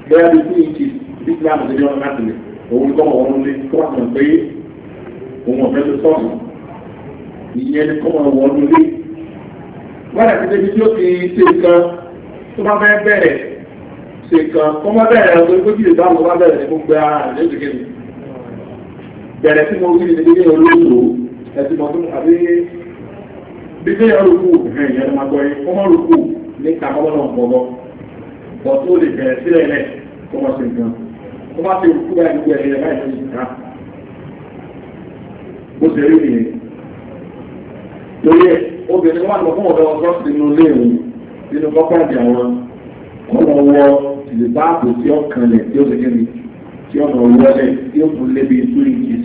bẹ́ẹ̀ bí two inches bí islam ṣe ní ọ̀nà láti lè òun kọ́ wọn lé tó bá tún pé òun ọ̀fẹ́ ló sọ́ọ̀sì ìyẹn ni kọ́ wọn wọlé wọ́n dàbí débi tí ó ti ṣe nǹkan tó bá fẹ́ bẹ̀rẹ̀ ṣe kan kọ́ má bẹ̀rẹ̀ ọdún tó jìlẹ̀ dáàmù má bẹ̀rẹ̀ ní gbogbo ara rẹ̀ lẹ́sìkè mi bẹ̀rẹ̀ tí mo rí ní ilé olóòtú ẹ̀sì mọ̀ tó àbí bíbí ọlùkù ẹ̀yìn ẹ̀rọ máa gbọ́ yìí fọ́mọ́ olùkù ní kàmọ́lọ́nà ọ̀gbọ̀gbọ́ bọ̀ tó lè bẹ̀rẹ̀ sílẹ̀ lẹ̀ kó má ṣe nǹkan kó má ṣe olùkù báyìí gbogbo ẹ̀yìn ẹ̀rọ ìṣẹ̀lẹ̀ ìta bó ṣe rí kọ́nà wọ ìlúbáàbò tí ó kanlẹ̀ tí ó sì kí ni tí ọ̀nà wọlẹ̀ tí ó tún lébi two inches.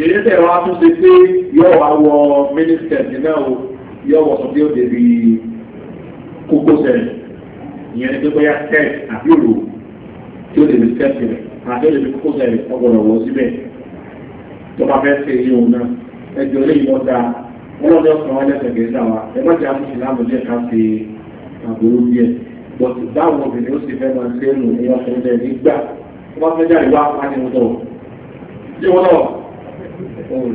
ìrẹsẹ̀ wa tún ṣe pé yóò wá wọ mínísítẹ̀sì náà o yóò wọ̀ sọ bí ó débi kókó sẹ̀rẹ̀ ìyẹn tó bóyá tẹ̀ àbí òrò tí ó débi tẹ̀sì rẹ̀ àbí ó débi kókó sẹ̀rẹ̀ ọgbọ̀nà wọ̀ síbẹ̀ tó bá fẹ́ ṣe yíò náà ẹjọ́ lè yọ da ọlọ́dọ̀ kan wọ́n lẹ́sẹ̀ kìí sáwà ẹgbẹ́ tí a ti ṣe láàbò tàbí orí ẹ̀ obìnrin ó sì fẹ́ máa ṣe nù ní ọ̀sẹ̀ ilẹ̀ nígbà wọ́n fẹ́ jáde wá pa ní ọ̀dọ̀ tí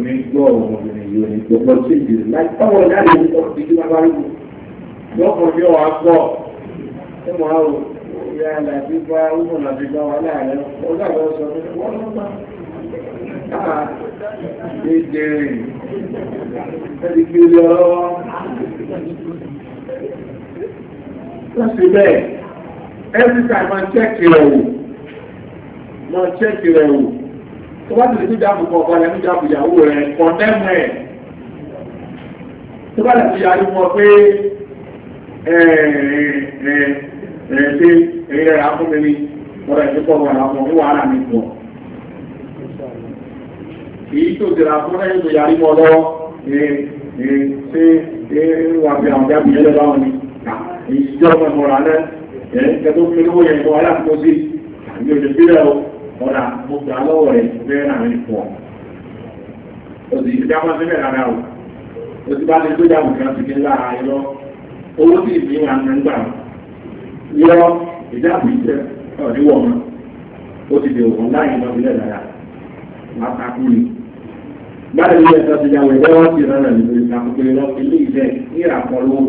ní gbọ́ ọmọbìnrin yìí ò ní gbọ́ sí ìdílé láti táwọn ìdáàbò ní ọ̀rọ̀ títí wá bá lọ́kàn ní ọ̀hà pọ̀ ẹ mọ̀ á ìyá àlàbí bá ọmọ làbí bá wà láàárẹ̀ ọ̀gá àwọn sọ pé wọ́n lọ́gbà láti bẹ́ẹ̀ every time máa chẹ́ẹ̀kì rẹ̀ wò máa chẹ́ẹ̀kì rẹ̀ wò tó bá tẹ̀lé níjà àbùkù ọ̀gá rẹ̀ níjà àbùkù ìyàwó rẹ̀ kọ̀ nẹ́mù ẹ̀ tó bá lè fi yàrá wọn pé ẹ̀ẹ́ ṣe èyí rẹ̀ rà fún mi ní ọ̀rọ̀ ìdíkọ̀ ọ̀rọ̀ àwọn ọmọ wàhálà mi pọ̀ èyí tó tẹ̀lé fún ẹ̀yìn tó yàrá wọn lọ́wọ́ ṣe wà pé àwọn jábìyẹ́lẹ́ báwọn ni ìjọba mọ̀ra ẹ̀ẹ́kẹ́ tó fi lówó yẹn tó aláàkó sí ní oṣù bílẹ̀ rẹ̀ bẹ́ẹ̀ náà ní pọ̀ o ti dámọ́ sílẹ̀ rárá o bá lè tó dàbò kan sì kí lára irọ́ owó sì ní wà ní gbà irọ́ ìjẹ́ ọ̀díwọ̀ mọ́ ó ti dèrò wọn láyé lọ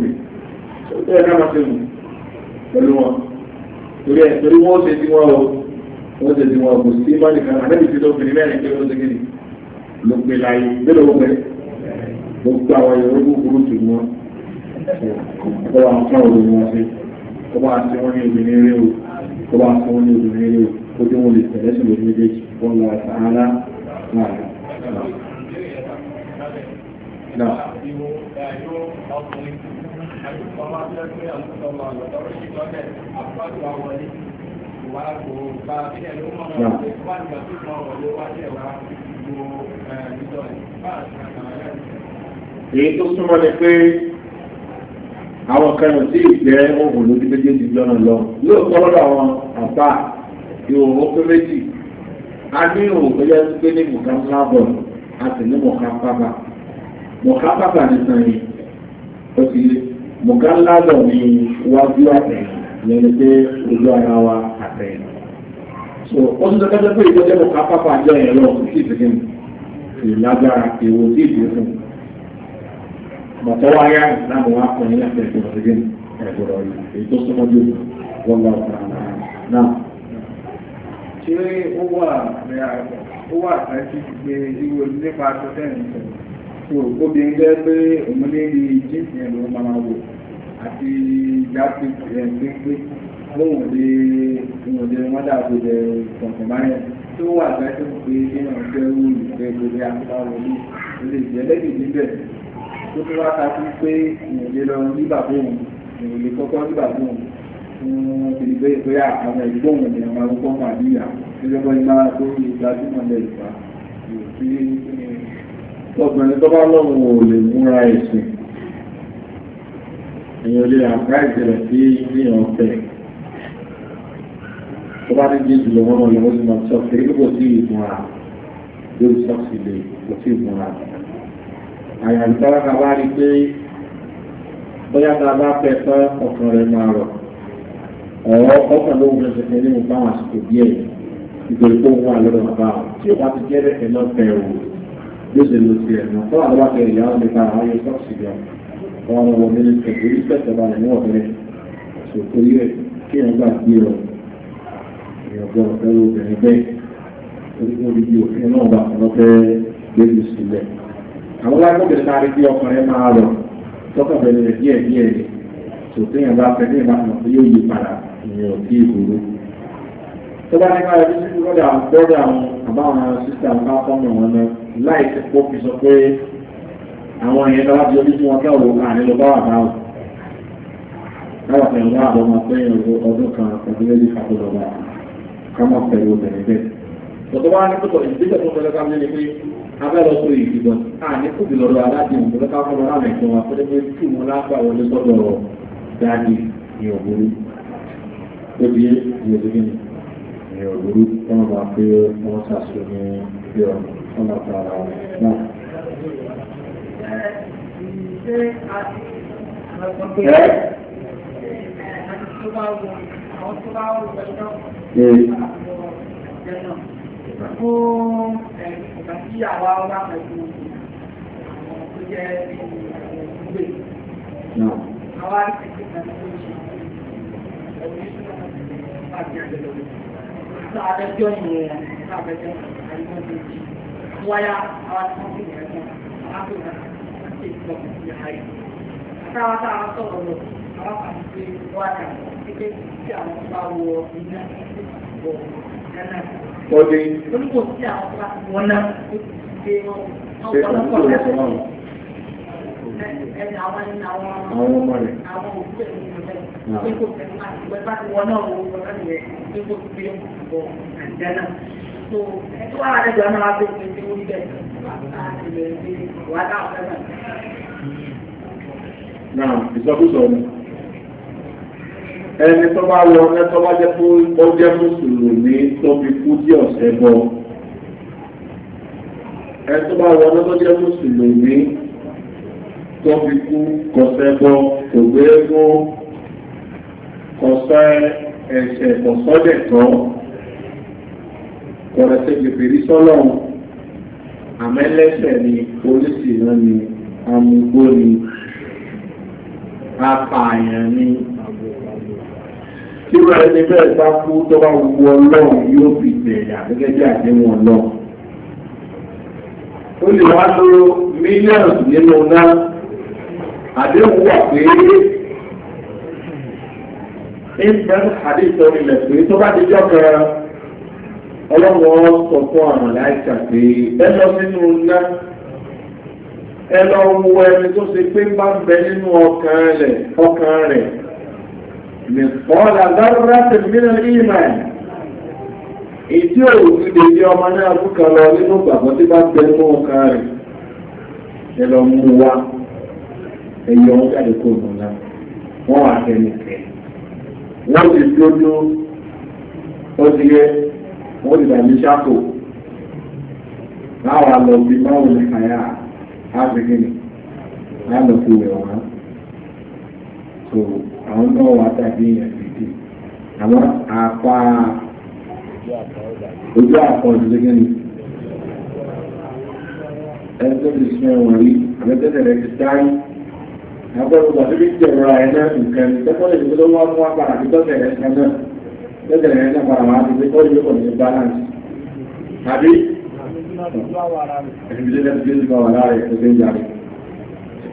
ẹ̀ ká máa tẹ̀wù pẹ̀lú wọn torí ẹ̀ torí wọ́n ṣe tí wọ́n o wọ́n ṣe tí wọ́n o kò sí má nìkan àbẹ́bí ti lóbìnrin mẹ́rin pé wọ́n ṣe kí ni ló pe láyé bẹ́ẹ̀ lọ́wọ́ pẹ́ mo gba àwọn ìyẹ̀wò búburú tù wọn kó wàá fún àwọn olùwọ́n sí kó wàá sí wọn ní obìnrin rí o kó wàá sí wọn ní obìnrin rí o kó tí wọn lè tẹ̀lé sí lórí méjèèjì wọn lọ sàárà náà. Náà wá bí ọjọ́ àlùfọ́ máa lọ lọ́rọ̀ yìí lọ́dẹ̀ àpáàdù àwọlé ìwà kò gba ilẹ̀ ló mọ̀ ọ́n pé wá nígbà tó mọ̀ ọ́ ló wá jẹ́ wá gbogbo ìjọ èyí tó súnmọ́ ni pé àwọn kan ò tí ì jẹ́ òògùn lójú méjèèjì lọ́nà lọ lóòótọ́ lọ́dọ̀ àwọn àbá ìhòòhò pé méjì a ní òògùn tó yẹ ní mùkàmùlá bọ̀ a sì ní mùkàmùpápá mùkàmùpápá nìkan yìí ó ti yé mùkáládọ̀ ni wájú àtẹ̀yìn yẹn ni pé ojú ara wa àtẹ̀yìn. so ó tún tẹ́tẹ́ pé ìjọ́jẹ́ mọ̀ká pápá jẹ́ ẹ̀rọ sí ìdílé mi kì í lágbára èwo sí ìdílé fún un. bàtọ́ wa yá láàmú wa kọ́ ní ẹ̀sẹ̀ ìgbọ̀rọ̀ sí gẹ́nu ẹ̀gbọ̀rọ̀ yìí èyí tó súnmọ́ jù wọ́n lọ ọ̀tà náà. ṣé ó wà ó wà àtàkì pé irú nípa aṣọ tẹ́ẹ̀ so obìnrin jẹ́ pé òun ní ní jíǹsì yẹn ló máa wò àti jáde yẹn pínpín lóhùn lé ìwọ̀n lé wọ́n dàbò lẹ kọ̀ọ̀kan báyẹn tó wà láti mọ̀ pé kéèyàn fẹ́ wù ìfẹ́ lórí apá wọlé ó lè jẹ́ lẹ́yìn níbẹ̀ tó tó wá ta sí pé ìwọ̀n lé lọ ní bàbá òun ìwọ̀n lé kọ́kọ́ ní bàbá òun fún ìgbé ìgbé àwọn ìgbóhùn ní àwọn arúgbó màdíyà tó lọ́gbọ́n lọ́gbọ̀nrin tó bá lọ́wọ́ ò lè múra ẹ̀sìn èyàn lè àpá ìṣẹ̀lẹ̀ sí ìyàn ọ̀fẹ́ tó bá ní jésù lọ́wọ́ náà lọ́wọ́ sí máa sọ pé lóko sí ìmúra yóò sọ́ọ̀sì lè lọ sí ìmúra àyàn ìtọ́láka bá rí pé bóyá tá a bá fẹ́ tán ọkàn rẹ̀ máa rọ̀ ọ̀rọ̀ ọkàn ló ń gbèsè pé nínú báwọn àsìkò díẹ̀ ìgbèrè tó ń wà lọ́dọ̀ bàbá tí ó bá ti jẹ́ rẹ̀ ẹ̀ lọ́fẹ̀ẹ́ يجب الوسيلة طبعا الواقع اليوم بتاع هاي شخص اليوم طبعا هو من التدريس طبعا هو في سوريا في نظام كبير يقول قالوا بنبي يقول فيديو في نوبة نوبة بيجلس في البيت àwọn alágbèbè sáré bí ọkùnrin máa lọ tọ́kọ̀ bẹ̀rẹ̀ rẹ̀ díẹ̀ díẹ̀ ni tòtí yẹn bá fẹ́ ní ìbámu tó yóò yí padà ìyẹn ò kí ìgboro. tó bá ní ká ẹbí sí gbọ́dọ̀ àwọn gbọ́dọ̀ àwọn àbáwọn sísè àwọn káfọ́ọ̀mù wọn náà láì tí kó fi sọ pé àwọn èèyàn tó láti ojú tí wọ́n káwò láàrin lọ bá wà báwò láwà pẹ̀lú bá àbọ̀ máa pé ọdún kan ọdún méjì kàtó lọ bá ká mọ̀ pẹ̀lú obìnrin bẹ́ẹ̀. tọ́tọ́ wá ní pẹ̀tọ̀ ìdíjẹ́ tó fẹ́lẹ́ káwọn ní pé abẹ́ lọ sí ìdìbọn a ní kùbì lọ́dọ̀ aládìí òun lọ́ká fún wọn láàrin ìjọba pé pé tí wọn lápá wọlé sọ́dọ̀ dáàdì ní òwúrú. ó di ìyẹ̀dùn ní òwúrú kí wọ́n máa pé wọ́n sàṣọ ní ilé ọ̀run ọ̀nà tààrà náà. tó jẹ́ ṣe ìgbà tó ṣe àjẹ́lẹ̀. Sáà abẹ́jọ́ ìyẹn, sáà abẹ́jọ́ ìyẹn, àìmọ́ ṣe wáyà àwọn tí wọ́n fi yẹn mọ́ àwọn tó yẹn wọ́n ti pọ̀ sí ààyè. Àtàwọn tá sọ̀rọ̀ lọ, àwọn kàdé pé wọ́n kà pé tí àwọn bá wọ iná bọ̀ gánà. Ọdẹ. Olùkọ́ sí àwọn bá wọn náà ó ti gbé wọn. Àwọn ọmọ rẹ̀. Àwọn òkú ẹ̀ ní ọ̀rẹ́. Nígbà tí wọ́n náà wọ́n náà yẹ kí wọ́n gbé bọ̀ àjẹ́ náà tó tó wà lẹ́jọ́ ọmọ wa tó ti wú bẹ́ẹ̀ náà ìsọkúsọ ni ẹni tó bá wọ ẹni tó bá jẹ́ pé ó jẹ́ mùsùlùmí tó fi kú sí ọ̀sẹ̀ bọ̀ ẹni tó bá wọ ẹni tó jẹ́ mùsùlùmí tó fi kú kọ̀sẹ̀ bọ̀ kò gbé mú kọ̀sẹ̀ ẹ̀ṣẹ̀ kọ̀sọ́dẹ̀ tán ọ̀rọ̀ ṣe gbèbèrè sọ́lọ́run àmọ́ ẹlẹ́sẹ̀ ni polisi náà ni amugbó ni apààyàn ni tí wọ́n ẹni bẹ́ẹ̀ bá kú tó bá wu ọlọ́run yóò fi gbẹ̀yà gẹ́gẹ́ bí àdéhùn ọlọ́run. ó lè wá lọ mílíọ̀nù nínú náà àdéhùn wà pé ìgbẹ́ àdéhùn ìlẹ̀ pé tó bá ti jọ́ kan ọlọ́wọ́ sọ fún àwọn aláìsà pé ẹ lọ sínú ńlá ẹ lọ wo ẹni tó ṣe pé bá ń bẹ nínú ọkàn rẹ̀ ọkàn rẹ̀ nìkọ́lá lárúrá tẹ̀mínà ìmọ̀ ìdí òòrùn ti lè di ọmọ náà fúkà lọ nínú gbàgbọ́ tí bá ń bẹ nínú ọkàn rẹ̀ ẹ lọ mú wa ẹ̀yọ wọn jáde kó lọ náà wọ́n wà á tẹ̀lé kẹ́ wọ́n ti dúró ó ti yẹ wọ́n ti dàbí ṣáàtò láwọn àlọ́ bí báwọn ní kàyà áfíríkìnì lálọ́kù rẹ̀ wá so àwọn náà wà tàbí èèyàn gidi àwọn apá ojú àpọ̀ ìdílé ní ẹgbẹ́ ti sún ẹ̀wọ̀n rí àbẹ́tẹ́tẹ̀ rẹ̀ ti dárí agbẹ́rùn-ún àti bí jẹ̀rọ ẹ̀ náà nǹkan ní tẹ́kọ̀ọ́ lè ní mú apá àti tọ́tẹ̀ rẹ̀ náà lẹ́sẹ̀rẹ̀ yẹn náà faramọ́ àti pé bọ́ọ̀lù yóò kàn ní balance tàbí ẹ̀sìnbílẹ̀ lẹ́sẹ̀ tó bá wà láàrẹ̀ tó ṣe ń jáde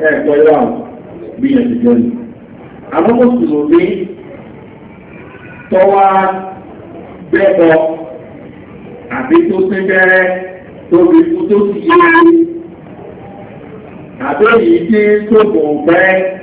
ẹ̀ pọ̀ yóò àwọn gbìyànjú jẹ́ ni. àwọn mùsùlùmí tọ́wá gbẹ́bọ àbí tó ṣe bẹ́rẹ́ tó fi kú tó sì yé àbẹ́yìí dé tó bò bẹ́ẹ́.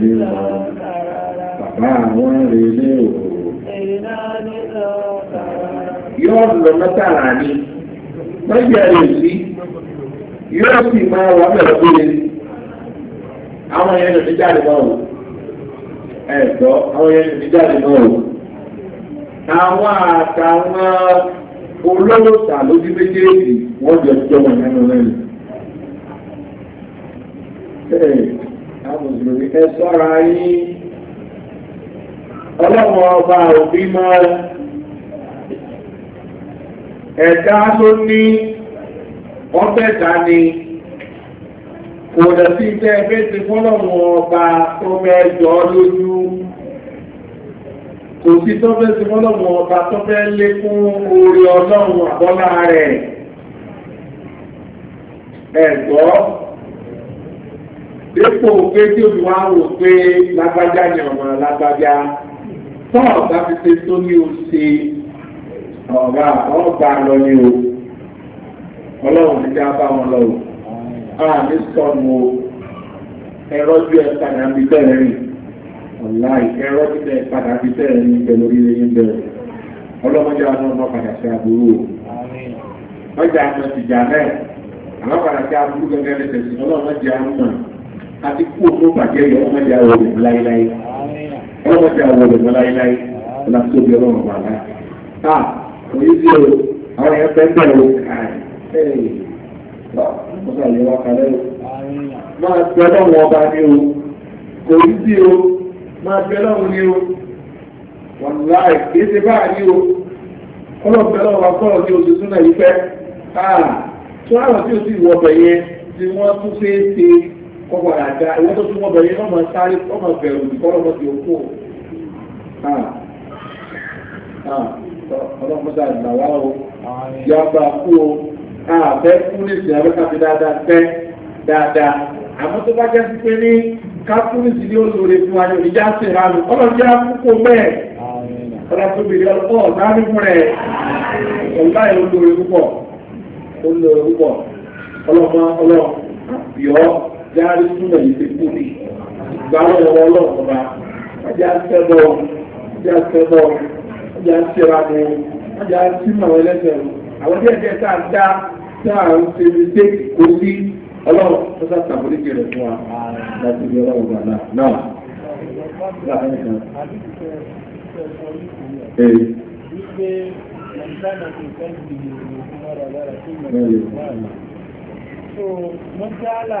lílọ bàbá àwọn relé òkú yóò lọ mẹ́tàlá ní lọ́jà rẹ̀ sí yóò sì máa wà bẹ̀rẹ̀ pé àwọn yẹn lè fi jáde náà wò ẹ̀tọ́ àwọn yẹn lè fi jáde náà wò àwọn àtàwọn olólùsà lójú méjèèjì wọ́n jọ jọmọ̀ nínú lẹ́yìn àwọn òbí ẹ sọ́ra yín ọlọ́wọ́ ọba òbí mọ́ ẹ̀dá tó ní ọ̀pẹ̀ta ni kò lè sí iṣẹ́ ẹgbẹ́ ti fọ́lọ́wọ́ ọba tó mẹ́jọ lójú kò sí tọ́fẹ́ sí fọ́lọ́wọ́ ọba tó fẹ́ lé fún orí ọlọ́run àbọ́lá rẹ̀ ẹ̀gbọ́ dépò pé tí o ti wá wò pé lágbájá ni ọmọ lágbájá tó ọ̀gá fi ṣe tó ní o ṣe ọ̀gá ọ̀gá lọ ni o ọlọ́run ti já bá wọn lọ o àmì sọnù o ẹ̀rọ ju ẹ̀ padà bí bẹ́ẹ̀ rìn ọ̀láì ẹ̀rọ ju ẹ̀ padà bí bẹ́ẹ̀ rìn bẹ́ẹ̀ lórí ẹ̀yìn bẹ́ẹ̀ ọlọ́mọdé àwọn ọmọ padà sí aburú o ọjà àmọ́ ti jà náà àwọn padà sí aburú gẹ́gẹ́ lẹ́sẹ̀ sí ọlọ́mọdé àwọn ọmọ àti kú òkú bàjẹ́ yọ ọmọdé àwọn olùmọ̀ láíláí ọmọdé àwọn olùmọ̀ láíláí ọ̀nà tó bí ọlọ́run wà láì. a kò sí o àwọn yẹn fẹ́ bẹ̀rẹ̀ o káàdì ẹ̀ẹ́dì wọ́n sàlẹ̀ wá kalẹ́ o. máa fi ọlọ́run ọba ní o kò sí o máa fi ọlọ́run ní o wọ́n láì kì í ṣe báà ní o ọlọ́run ọlọ́run wa kọ́ ní oṣù tún náà yí fẹ́. tó àwọn tí o sì wọ ọbẹ̀ yẹn tí wọ́n tún ṣe ṣe kọ́kọ́ àdá ìwọ́n tó tún mọ́bẹ̀rẹ̀ yẹn mọ́ sáré ọmọ bẹ̀rù ìkọ́lọ́mọ́ ti òkú ọlọ́mọdé àgbàwá o yà ah. ah. bá kú o àbẹ́ ah, fún nìsí abẹ́ká fi dáadáa fẹ́ dáadáa àmọ́ tó bá jẹ́ sí pé ní kápúrìsì ni ó lóore fún ayọ̀ ìjà sí ìranù ọlọ́dé àkókò mẹ́ẹ̀ ọlọ́dúnbìnrin ọlọ́pọ̀ ọ̀dánù fún rẹ̀ ọ̀gá ẹ̀ olóore púpọ̀ olóore púpọ̀ ọlọ́mọ ọlọ́ járí túnbẹ̀ yìí ti kú gbàwọ́ ọwọ́ ọlọ́ọ̀kọ̀ba ọjà sẹ́bọ̀ ọjà sẹ́bọ̀ ọjà sẹ́ramu ọjà símọ̀ ẹlẹ́sẹ̀ àwọn díẹ̀ díẹ̀ tá a dá tá a ń ṣe ní téèkì kó sí ọlọ́run tó sá tàbóríkì rẹ̀ fún wa láti rí ọlọ́run gbà náà náà. Ee. So, mo jẹ́ àlà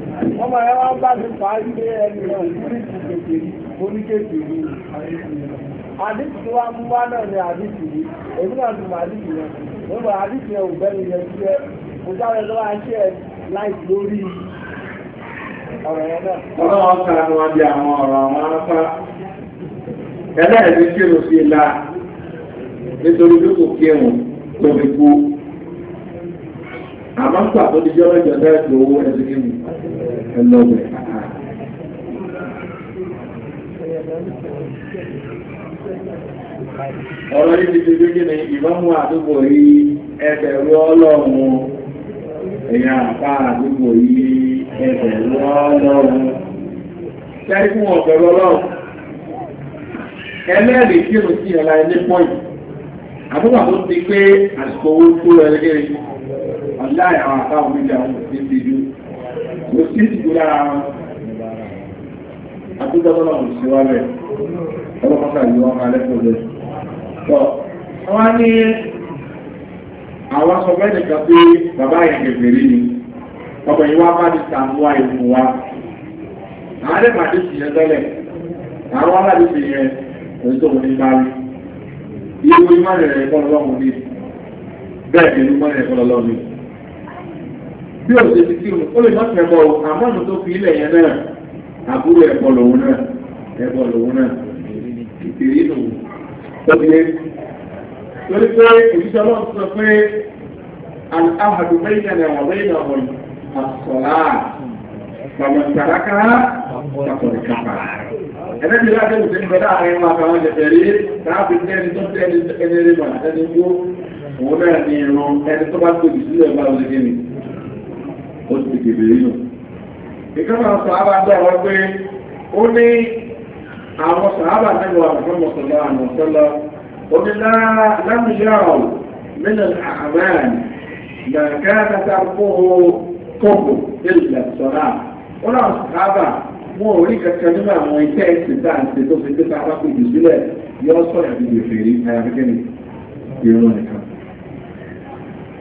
ọmọ ya wá bá ti fà á ẹni náà lórí ìkèkè oníkèkè rí àdìsí tó wá mú wá náà ní àdìsí rí èmi náà ti mọ àdìsí rẹ mo mọ àdìsí rẹ ò bẹ́ni yẹn mo sáré lọ́wọ́ àṣẹ láì lórí ọ̀rọ̀ yẹn náà. di àwọn ọ̀rọ̀ àwọn afá sí i la nítorí àmọ́pà tó di jọ́rọ̀ ìjọba ẹ̀sùn owó ẹ̀sùn Ọrụ ọ̀rọ̀ yìí ti fi kí ìbámu àdúgbò yìí ẹgbẹ̀rún ọlọ́run àpá àdúgbò yìí ẹgbẹ̀rún ọlọ́run ọ̀gbẹ̀rún ọlọ́run ẹlẹ́rìí ẹ̀la ẹni ti pé àsìkò owó ọláì àwọn àtàwọn méjì àwọn òfin ti ju kò sí ìdìbò lára wọn àtúntọ́tọ́ náà sí wá rẹ̀ ọlọ́pàá yìí wọ́n máa lẹ́kọ̀ọ́ rẹ̀ tọ́ wọ́n ní àwọn sọ bẹ́ẹ̀ nìkan pé bàbá yẹn kẹfẹ́ rí ni ọkọ̀ yìí wá bá ní sàmúwá ìmú wa àwọn ẹ̀dẹ̀gbàdé sì yẹn tẹ́lẹ̀ àwọn aláàbí sì yẹn òun tó wọn ní bá rí ìwé ìmọ̀lẹ̀ rẹ̀ lọ́wọ́ mi bẹ́ẹ̀ ni ìmọ̀lẹ̀ rẹ̀ lọ́wọ́ mi bí o ṣe ti kí o lè má fẹ́ bọ̀ o àmọ́ ọ̀nà tó fi ilẹ̀ yẹn náà àbúrò ẹ̀bọ̀ lòun náà ẹ̀bọ̀ lòun náà ìpèrè nù lọ́dìé lórí pé òṣìṣẹ́ ọlọ́run sọ pé àhàdù mẹ́yìn náà wà lẹ́yìn náà wọ̀nyí àsọ̀lá bàbá ìtàlákà àkọ̀rẹ̀ kàpà. ẹ̀rẹ́ mi láti ẹ̀rù sẹ́yìn bẹ́ẹ̀ láàrin wọn àtàwọn jẹ̀fẹ̀ rí láàbí ẹni tó tẹ́ ẹni rí mọ̀ àtẹ́ni tó òun náà ní irun ẹni tó bá tóbi sílẹ̀ bá òṣèlú ó ti kèbè inú ìkọ́nà sàábà dọ̀rọ̀ pé ó ní àwọn sàábà nílùú àwọn mọ̀sánlá àwọn sọ́lọ́ ó ní lámìyàwó nínú àmàrà gbàǹkára tàbí kọ́kù nílùú sọ́lá ó láwọn sàábà wọn ò rí kankan nínú àwọn iṣẹ́ ìsìn dáǹtì tó fi gbé sáábà kò jù sílẹ̀ yọ́ sọ̀rọ̀ ìdìbò fèrè àyàfikẹ́ni ìrún nìkan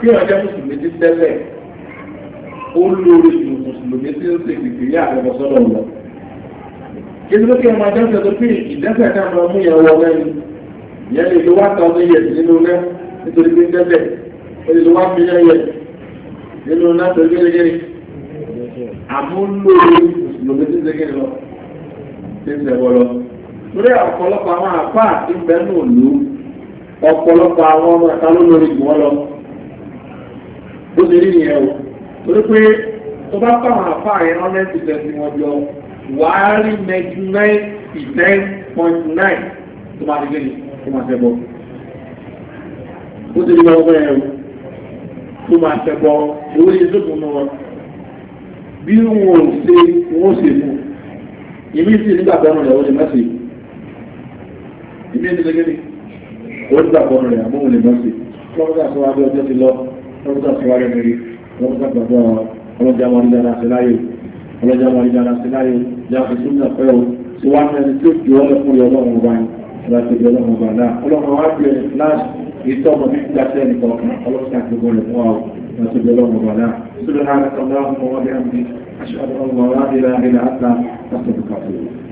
kí ọjọ́ mùsùlùmí ti tẹ́lẹ̀ ó lórí mùsùlùmí tí ó ṣe ìgbìyà àwọn sọ́dọ̀ lọ. Kìí ló kí ọmọ ajá ń sọ pé ìdẹ́sẹ̀ ká máa mú ìyàwó ọmọ ẹni. Ìyẹn lè lo wá ta ọdún yẹ̀ nínú náà nítorí pé tẹ́lẹ̀ ó lè lo wá fi yẹ̀ yẹ̀ nínú náà tó gẹ́gẹ́ àmúlòrí mùsùlùmí tí ó ṣe gẹ́gẹ́ lọ tí ń sẹ́wọ́ lọ. Torí ọ̀pọ̀lọpọ̀ àwọn àpá àti bẹ́ẹ̀ nù lù ọ̀pọ̀lọpọ̀ àwọn ọmọ ìta ló lórí jù lọ bó ṣe rí nìyẹn o torí pé tó bá fáwọn àfa yẹn hundred percent ni wọ́n jọ wà á rí ninety nine nine point nine tó máa rí lẹ́yìn tó máa fẹ́ bọ́ bó ṣe rí wọn bẹ́ẹ̀ o tó máa fẹ́ bọ́ owó yẹn tó kún wọn bí wọn ò ṣe wọn ò ṣe mú ìmí sì nígbà tó ń rẹ̀ wọ́n lè má ṣe ìmí sì nígbà tó ń rẹ̀ àmọ́ lè má ṣe lọ́wọ́ wọ́n tó síwájú mi rí wọ́n tó gbàgbọ́ ọlọ́jà wọn dára sí láyé ọlọ́jà wọn dára sí láyé jáfe sí náà fẹ́ o sí wá ní ẹni tí ó fi ọlọ́ fún yọ ọlọ́run ọba yìí láti fi ọlọ́run ọba náà ọlọ́run wá bí ẹni láti ìtọ́ ọmọ mi gbà sí ẹnì